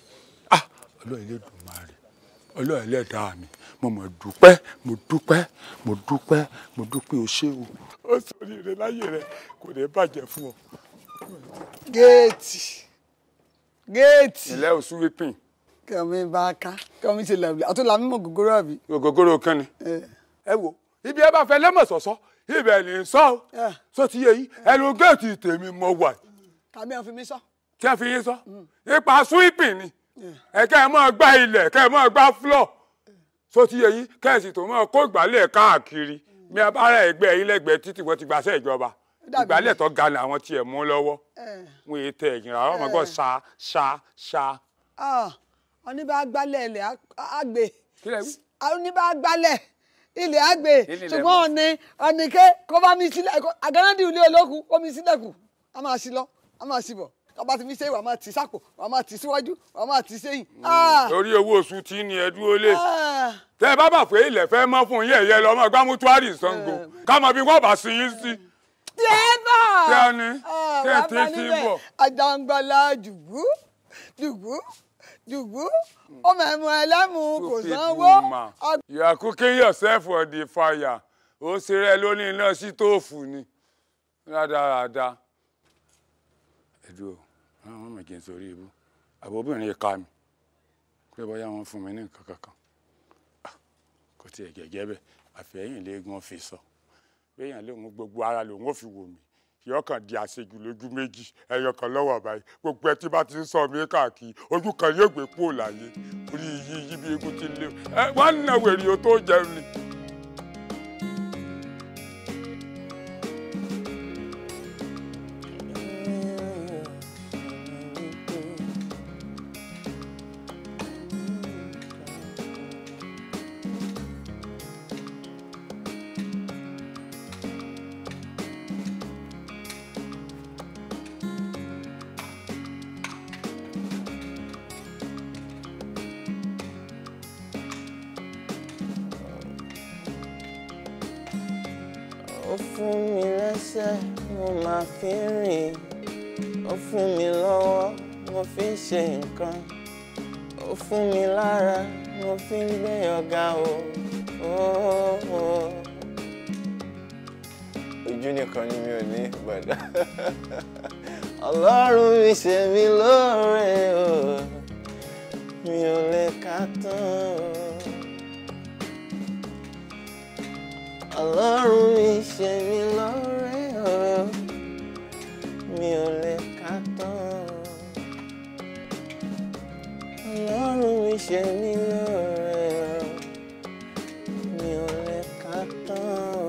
ọlọ́run lè dùn máa rè ọlọ́run lè dá mi mo mọ̀ dúpẹ́ mo dúpẹ́ mo dúpẹ́ mo dúpẹ́ o ṣé o. ó sọrí rẹ láyé rẹ kò ní bàjẹ́ fún ọ. géètì géètì. ilẹ̀ òsú wípìn. kẹ̀mí bá a ká kẹ̀mí ṣe làbí àti làmí mọ̀ gògóró àbí. gògóró kan ni. ẹ wo ibi ẹ bá fẹ́ lẹ́mọ̀sọ̀sọ́ ibẹ̀ ni n sọ sọ ti yẹ yìí ẹnu géètì tèmi mọ wà. tàbí àfi mi sọ. tí a fi yín sọ mm. ipa sweeping ni ẹ kẹ́ ẹ máa gbá ilẹ̀ kẹ́ ẹ máa gbá floor so ti yẹ yín kẹ́hìnsì tó máa kó ìgbálẹ̀ káàkiri mi mm. abára ẹgbẹ́ yín lẹ́gbẹ̀ẹ́ títí wọ́n ti gbàṣẹ́ ìjọba ìgbálẹ̀ tó ga ni àwọn tiẹ̀ mú lọ́wọ́ wọn èyí tẹ ẹ̀yìn rà ọmọ gbọ́ ṣá ṣá ṣá. oníbà gbálẹ̀ ilẹ̀ àgbè oníbà gbálẹ̀ ilẹ̀ àgbè ṣùgbọ́n ọ̀nì ọ̀nì ké kó bá mi sílẹ̀ àgànnàdì ilé olókùn ó mi sílẹ̀kùn a máa sí lọ a máa sí bọ̀ tó ti fi sẹ́yìn wàá máa tì sápò wàá máa tì síwájú wàá máa tì sẹ́yìn. Mm. Ah! torí owó oṣù tí ni ẹ dúró lé ah! tẹ ẹ bá bà pé ilẹ̀ fẹ́ mọ́ fún yín ẹ̀yẹ lọ́mọ ẹgbẹ́ mútuárì Ṣàngó eh. ká bí wọ́n bá sin yín sí. tiẹ́nà tiẹ́ni tiẹ́ tí ń bọ̀. àjàngbọ̀lá jùgbú jùgbú jùgbú ó mẹ̀mú ẹlẹ́mu kò sanwó. you are cooking yourself for the fire ó ṣeré lónìí iná sí tóòfù ni rádaràda. Ẹ̀dùn o mi kí n sórí ibú àbóbìnrin ká mi pé bóyá wọ́n fún mi ní nǹkan kankan ah, kò tiẹ̀ gẹ́gẹ́ bẹ́ẹ̀ àfẹ́yìn léegun fi sọ béèyàn lòun gbogbo ara lòun ò fi wò mí yọkàn di àṣejù lójú méjì ẹyọ kan lọ́wọ́ báyìí gbogbo ẹ tí bá ti ń sọ mí káàkiri ojú kan yóò gbé kúrò láyé orí yíyí bí egun ti lé wọn nà wèrè tó jẹun ni. ó fún mi lọ́wọ́ mo fi ń ṣe nǹkan ó fún mi lára mo fi ń gbé ọ̀gá o. ojú nìkan ni mi ò ní gbọ̀dọ̀ ọlọ́run mi ṣe mí lóore o mi ò lè kà tán o. ọlọ́run mi ṣe mí lóore. ṣe mí lóore o mi ò lè kà tán o.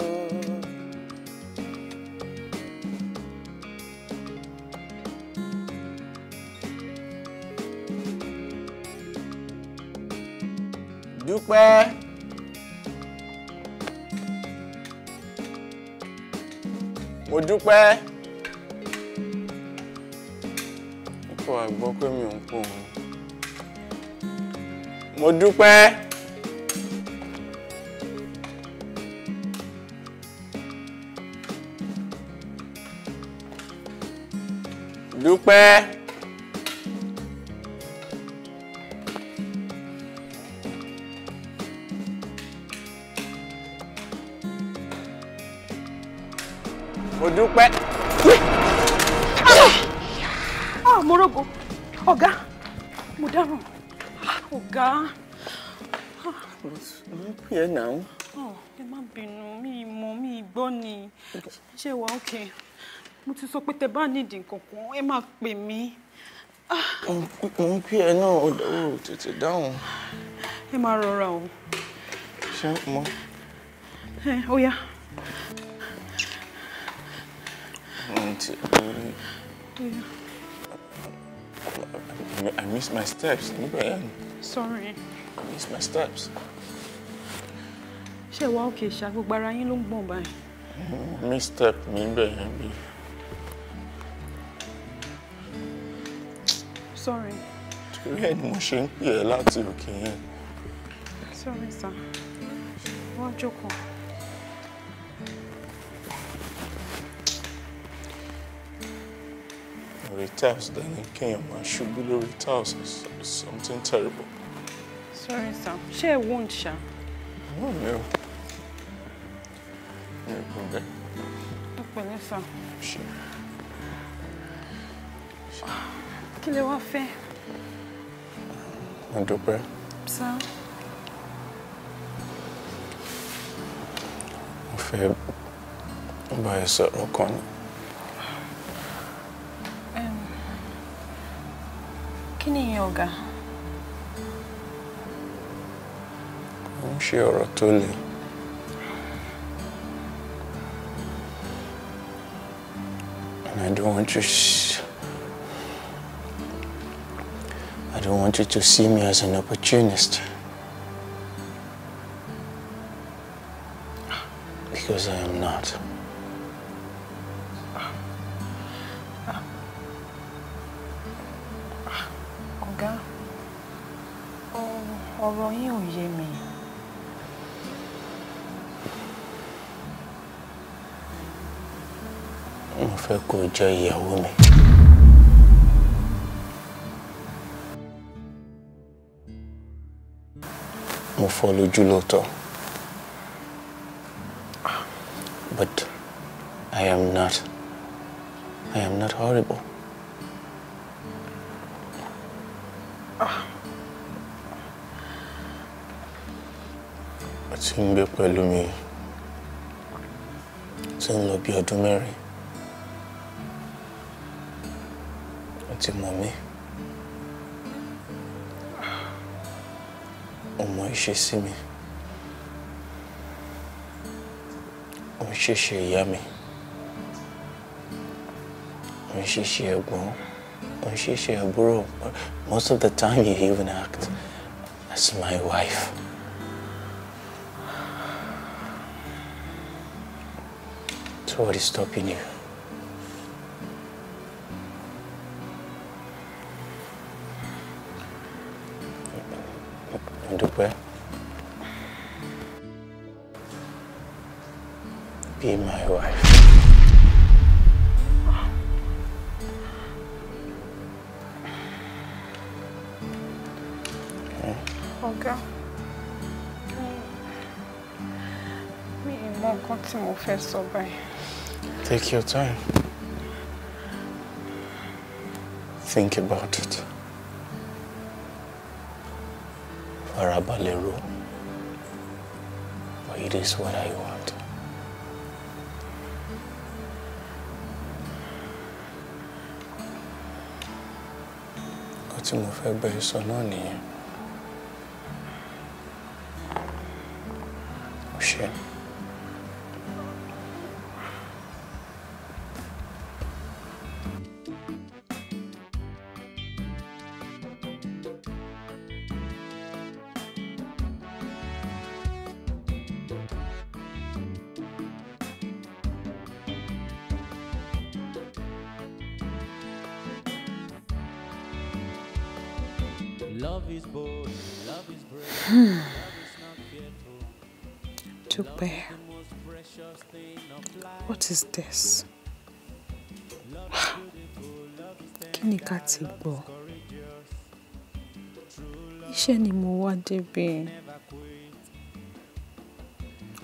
dúpẹ́. mo dúpẹ́. ikọ̀ àgbọ̀ pé mi ò ń pò wọ́n mo dúpẹ́. dúpẹ́. ṣé wà ókè mo ti sọ pé tẹ bá nídìí nǹkan kan ẹ máa pè mí. mo ń pè ẹ náà ó tètè dáhùn. ẹ máa rọra o. ṣé mo. ẹ ó yá. I miss my steps Sorry. I missed my steps. Ṣé ìwà òkè ṣá gbogbo ara yín ló ń gbọ̀n báyìí? mistake mi sorry. torí ẹ motion. mo ṣe ń pè sorry sir What joke? lórí tiles then he came and ṣubú lórí tiles is something terrible. sorry sir ṣé ẹ wound ṣá. wọ́n mi ẹ pẹ̀lẹ́ sà. kí lẹ wá fẹ́. mo dúpẹ́. sà. mo fẹ́ bá ẹ sọ̀rọ̀ kan ni. kí ni ìyẹn ọ̀gá? ń ṣe ọ̀rọ̀ tó le. want you. I don't want you to see me as an opportunist. Because I am not. jẹ́ ìyàwó mi. mo fọ́ lójú lóòótọ́ but I am not I am not horrible. ó ti ń gbé pẹ̀lú mi ó ti ń lọ bí ọdún mẹ́rin. mommy, she see me, oh she she yummy, oh she she a ẹ̀gbọ́n oh she she a bro. most of the time you even act as my wife. So what is stopping you? messed up by. Take your time. Think about it. Farabalero, But it is what I want. Nǹkan tí mo fẹ́ bẹ́ẹ̀ sọ náà nìyẹn. Ó ṣe. is this? kí ni ká ti gbọ́? iṣẹ́ ni mo wá débi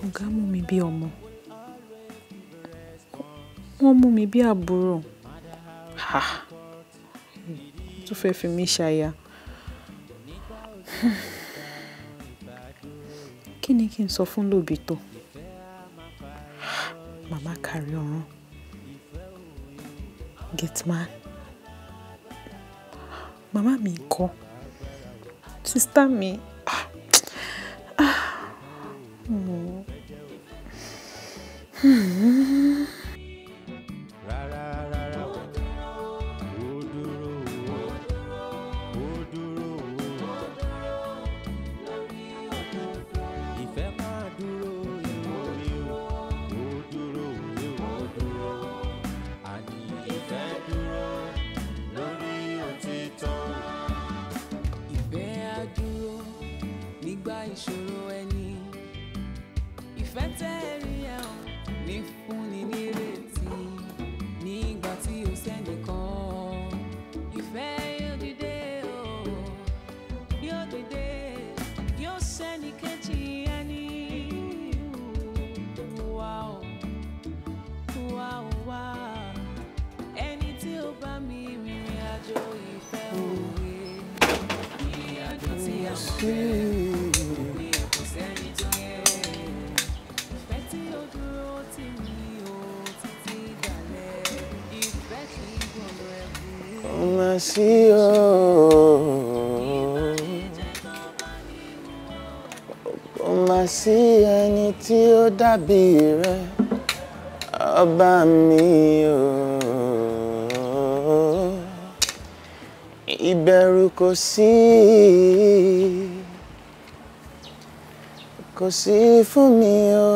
ọ̀gá mú mi bí ọmọ wọ́n mú mi bí àbúrò tó fẹ́ fi mí ṣaya kí ni kí n sọ fún lóbi tó? kárí ọ̀run gateman màmá mi kọ́ sísá mi kò má sí ẹni tí ó dàbí rẹ ọba mi o ìbẹ̀rù kò sí kò sí fún mi o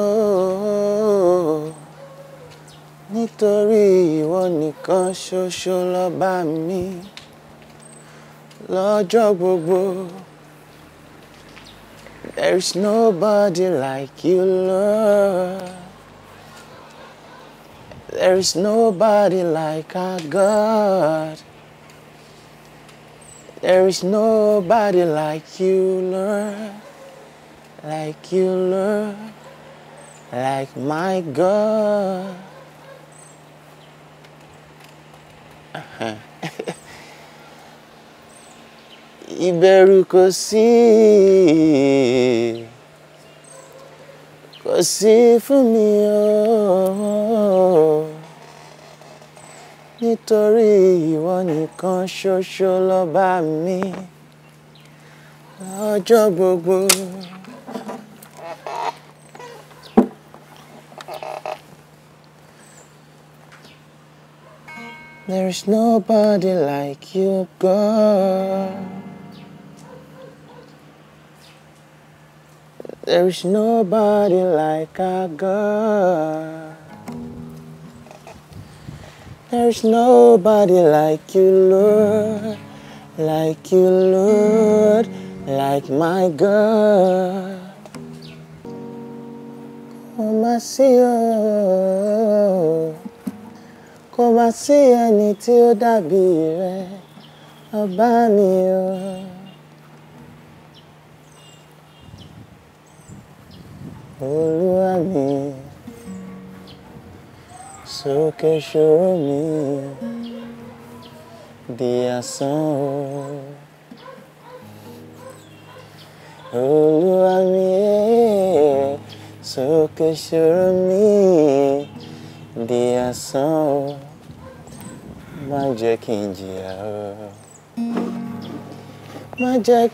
nítorí ìwọ nìkan ṣoṣo lọ́ba mi lọ́jọ́ gbogbo. There's nobody like you, Lord. There's nobody like our God. There is nobody like you, Lord. Like you, Lord. Like my God. Uh-huh. ìbẹ̀rù kosi, kosi for me. fún mi ooo nítorí ìwọ nìkan ṣoṣo lọ́ba mi lọ́jọ́ gbogbo. There is nobody like you, God. There is nobody like a God. There's nobody like you, Lord, like you, Lord, like my God. Kò sí o, kò mà sí ẹni tí ó dàbí rẹ, ọba Oluwabi Sókè show me Di ação Oluwabi Sókè show me Di ação Má jẹ́ kí n jìyà o Má jẹ́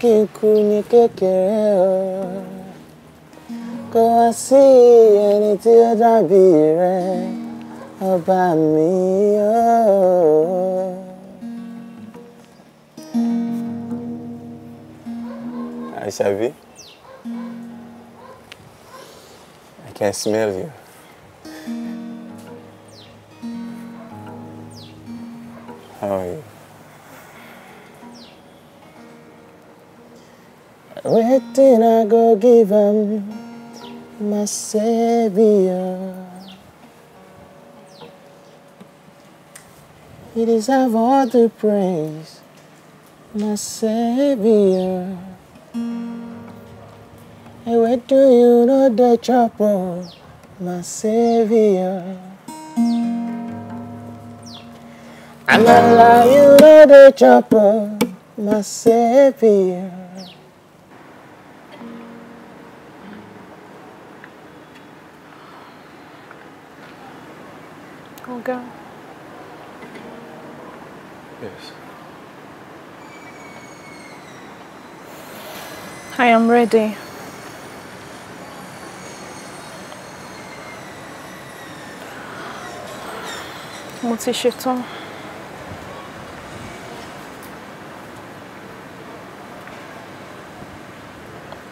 Go and see any children be right about me. Oh. Aí, Xavi. I can smell you. How are you? did I go give him. my Savior. He deserves all the praise, my Savior. And where do you know the trouble, my Savior? I'm lying you know the trouble, my Savior. ago? Yes. I am ready. Mo ti ṣetán.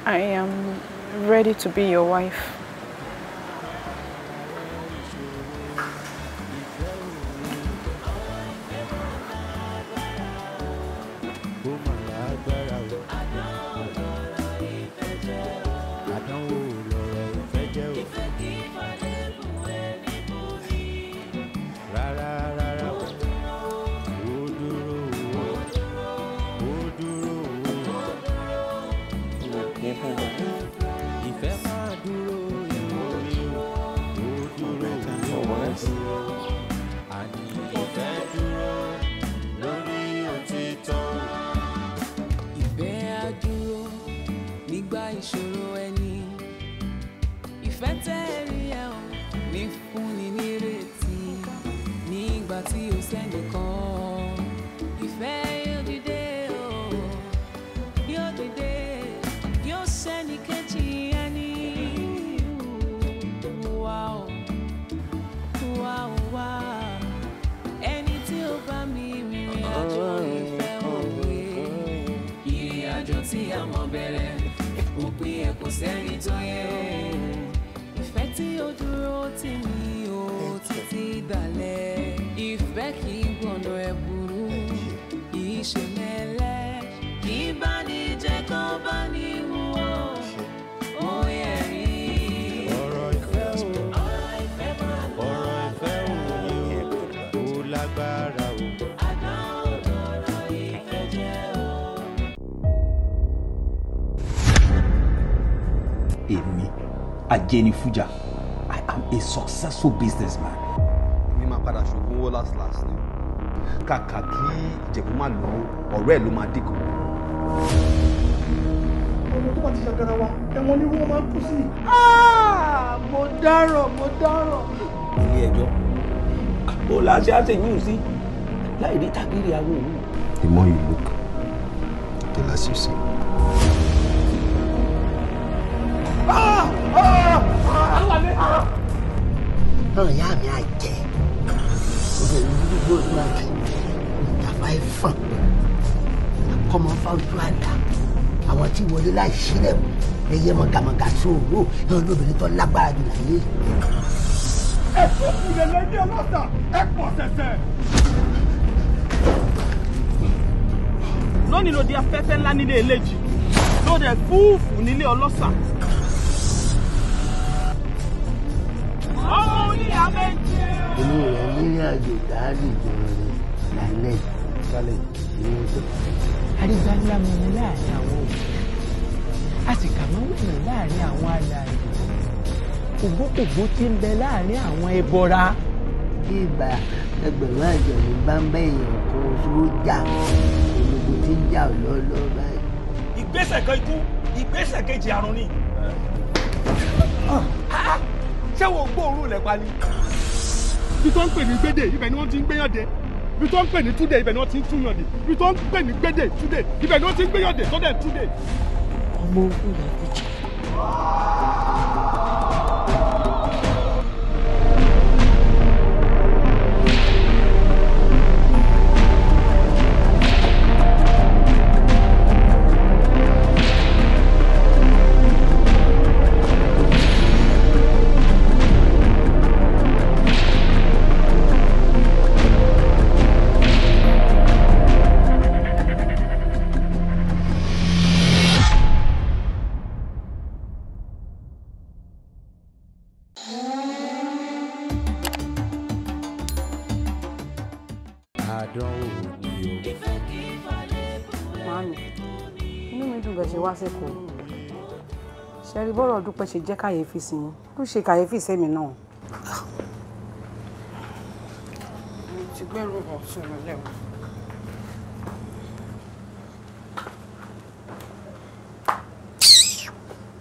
I am ready to be your wife. ṣẹ̀mẹ̀lẹ̀ kí bánijẹ́ kó bá ní mú o ó yẹ rí. ọ̀rọ̀ ìfẹ́ o ọ̀rọ̀ ìfẹ́ máa lágbára ọ̀rọ̀ ìfẹ́ o ó lágbára o. àdánwò lọ̀rọ̀ ìfẹ́ jẹ́ o. èmi ajẹnifújà I am a successful businessman. mi máa padà ṣògùn owó last last ni kàkà kí ìjẹ̀bú má lò ó ọ̀rẹ́ ẹ̀ ló máa dìkan. ọmọ tó bá ti ṣàgàrà wa ẹ̀wọ̀n ni wọ́n máa kú sí. mo dáràn mo dáràn. ilé ẹjọ́ àpò làásì á ṣèyún sí láì rí tágìrì àwọn òun. The more you look, the less you see. náà yá mi á jẹ́ ojú àdá tàbá ìfọ̀n àkọ́mọ fa ojú àdá àwọn tí wọlé láì sílẹ̀ ẹyẹ mọ̀gàmọ̀gà sí òwò náà lóbìnrin tó lágbára jù láyé. ẹ tó kùlẹ̀ lẹ́yìn ọlọ́ta ẹ pọ̀ tẹ̀tẹ̀. lónìí ló afẹ́fẹ́ ńlá nílé eléjì lóde fúùfù nílé ọlọ́sà pàdé dáàbì gan-an lálẹ́ lálẹ́ ìlú ọjọ́. àrígbáńlá mi ni láàrin àwọn òbí a sì kà mọ́ wọ̀nyí láàrin àwọn alààyè ògbókògbó ti ń bẹ láàrin àwọn ẹbọra. bí ìgbà ẹgbẹ̀rún àjọyọ̀ bá ń bẹ èèyàn kan oṣù jà ológo ti ń jà lọ́lọ́ báyìí. ìgbésẹ̀ kan ikú ìgbésẹ̀ kejì àrùn ni. Ah. Ah, ah, ṣé wo gbóòórùn lẹ̀ pa ni ibi tó ń pè ní gbédè ibẹ̀ ni wọ́n ti ń gbéyàn dé ibi tó ń pè ní túdè ibẹ̀ ni wọ́n ti ń túyàn dé ibi tó ń pè ní gbédè túdè ibẹ̀ ni wọ́n ti ń gbéyàn tọ́dẹ̀ túdè. ọmọ ogun làkú àdánwò ni o. màámi inú mi dùn bẹ́ẹ̀ ṣe wá sẹ́kọ̀ọ́ ṣẹ́rí bọ́rọ̀ dúpẹ́ ṣe jẹ́ kàyéfì sí mi ló ṣe kàyéfì sẹ́mi náà. mo ti gbẹ́rù ọ̀sùn mi lẹ́wọ̀n.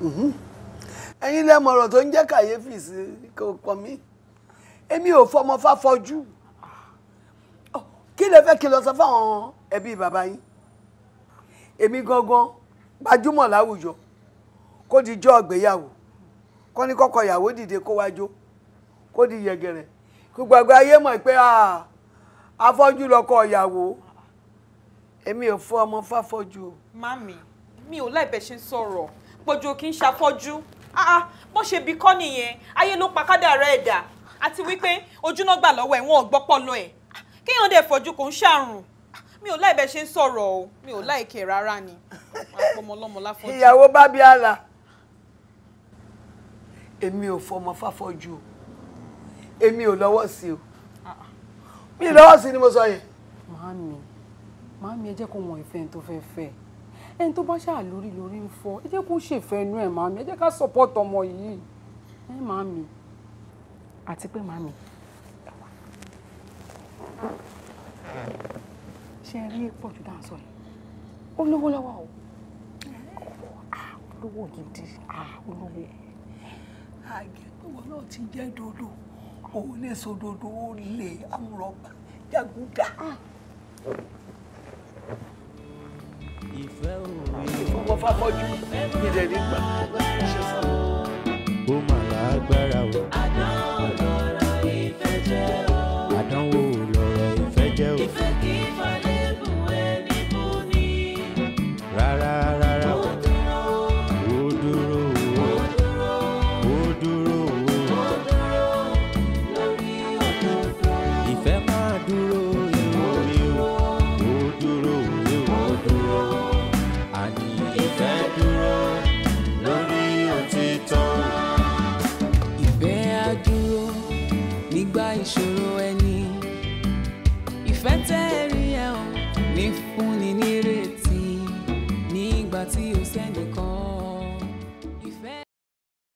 Mhm. ẹ̀yin lẹ́mọ̀ọ́rọ̀ tó ń jẹ́ kàyéfì sí kò kọ́ mi èmi ò fọmọ fáfọjú kí lè fẹ́ kí lọ sọ fáwọn ẹbí bàbá yín èmi gangan gbajúmọ̀ láwùjọ kó di jọ́ ọ̀gbéyàwó kó ní kọ́kọ́ ìyàwó dìde kó wájó kó di yẹ̀gẹ̀rẹ̀ gbogbo ayé mọ̀ pé afọ́jú lọ́kọ ìyàwó èmi ò fọ́ ọmọ fáfọ́jú mami mi ò láì bẹ̀ ṣe sọ̀rọ̀ pọ̀jù kì í ṣàfọ́jú bó ṣe bí kọ́ nìyẹn ayé ló pa kádàrá ẹ̀dá àti wípé ojúná gbà lọ́wọ́ ẹ̀ wọn ò gbọ́pọ̀ lọ ẹ̀ kéèyàn dẹ̀ fojú kò ń ṣàrùn mi ò láì bẹ́ẹ̀ ṣe ń sọ̀rọ̀ o mi ò láì kẹ̀ rárá ni àpọmọlọmọ láfọjú. ìyàwó bá bí àlà èmi ò fọmọ fáfọjú o èmi ò lọ́wọ́ sí o mi lọ́wọ́ sí ni mo sọ yẹn. màámi màámi ẹ jẹ́ kó wọn ìfẹ́ tó fẹ́ fẹ́ ẹni tó bá ṣáà lórí lórí ń fọ ẹ jẹ́ kó ṣèfẹ́ inú ẹ̀ màámi ẹ jẹ́ ká support ọmọ yìí ẹ màámi àti pé màámi ṣe rí pọ̀ ju dáńsọ yìí ó lọ́wọ́ o ah, olówó gidi ah, olówó. àgẹ́gbẹ̀wọ̀ náà ti jẹ́ dodo òun ní sódodo ó lè amúrọ̀gbà jàgùdà. Ah. ìfẹ́ òwe ìfowó fáfọ́jú ìdẹ̀rí ṣe sọ. ó mà lágbára o.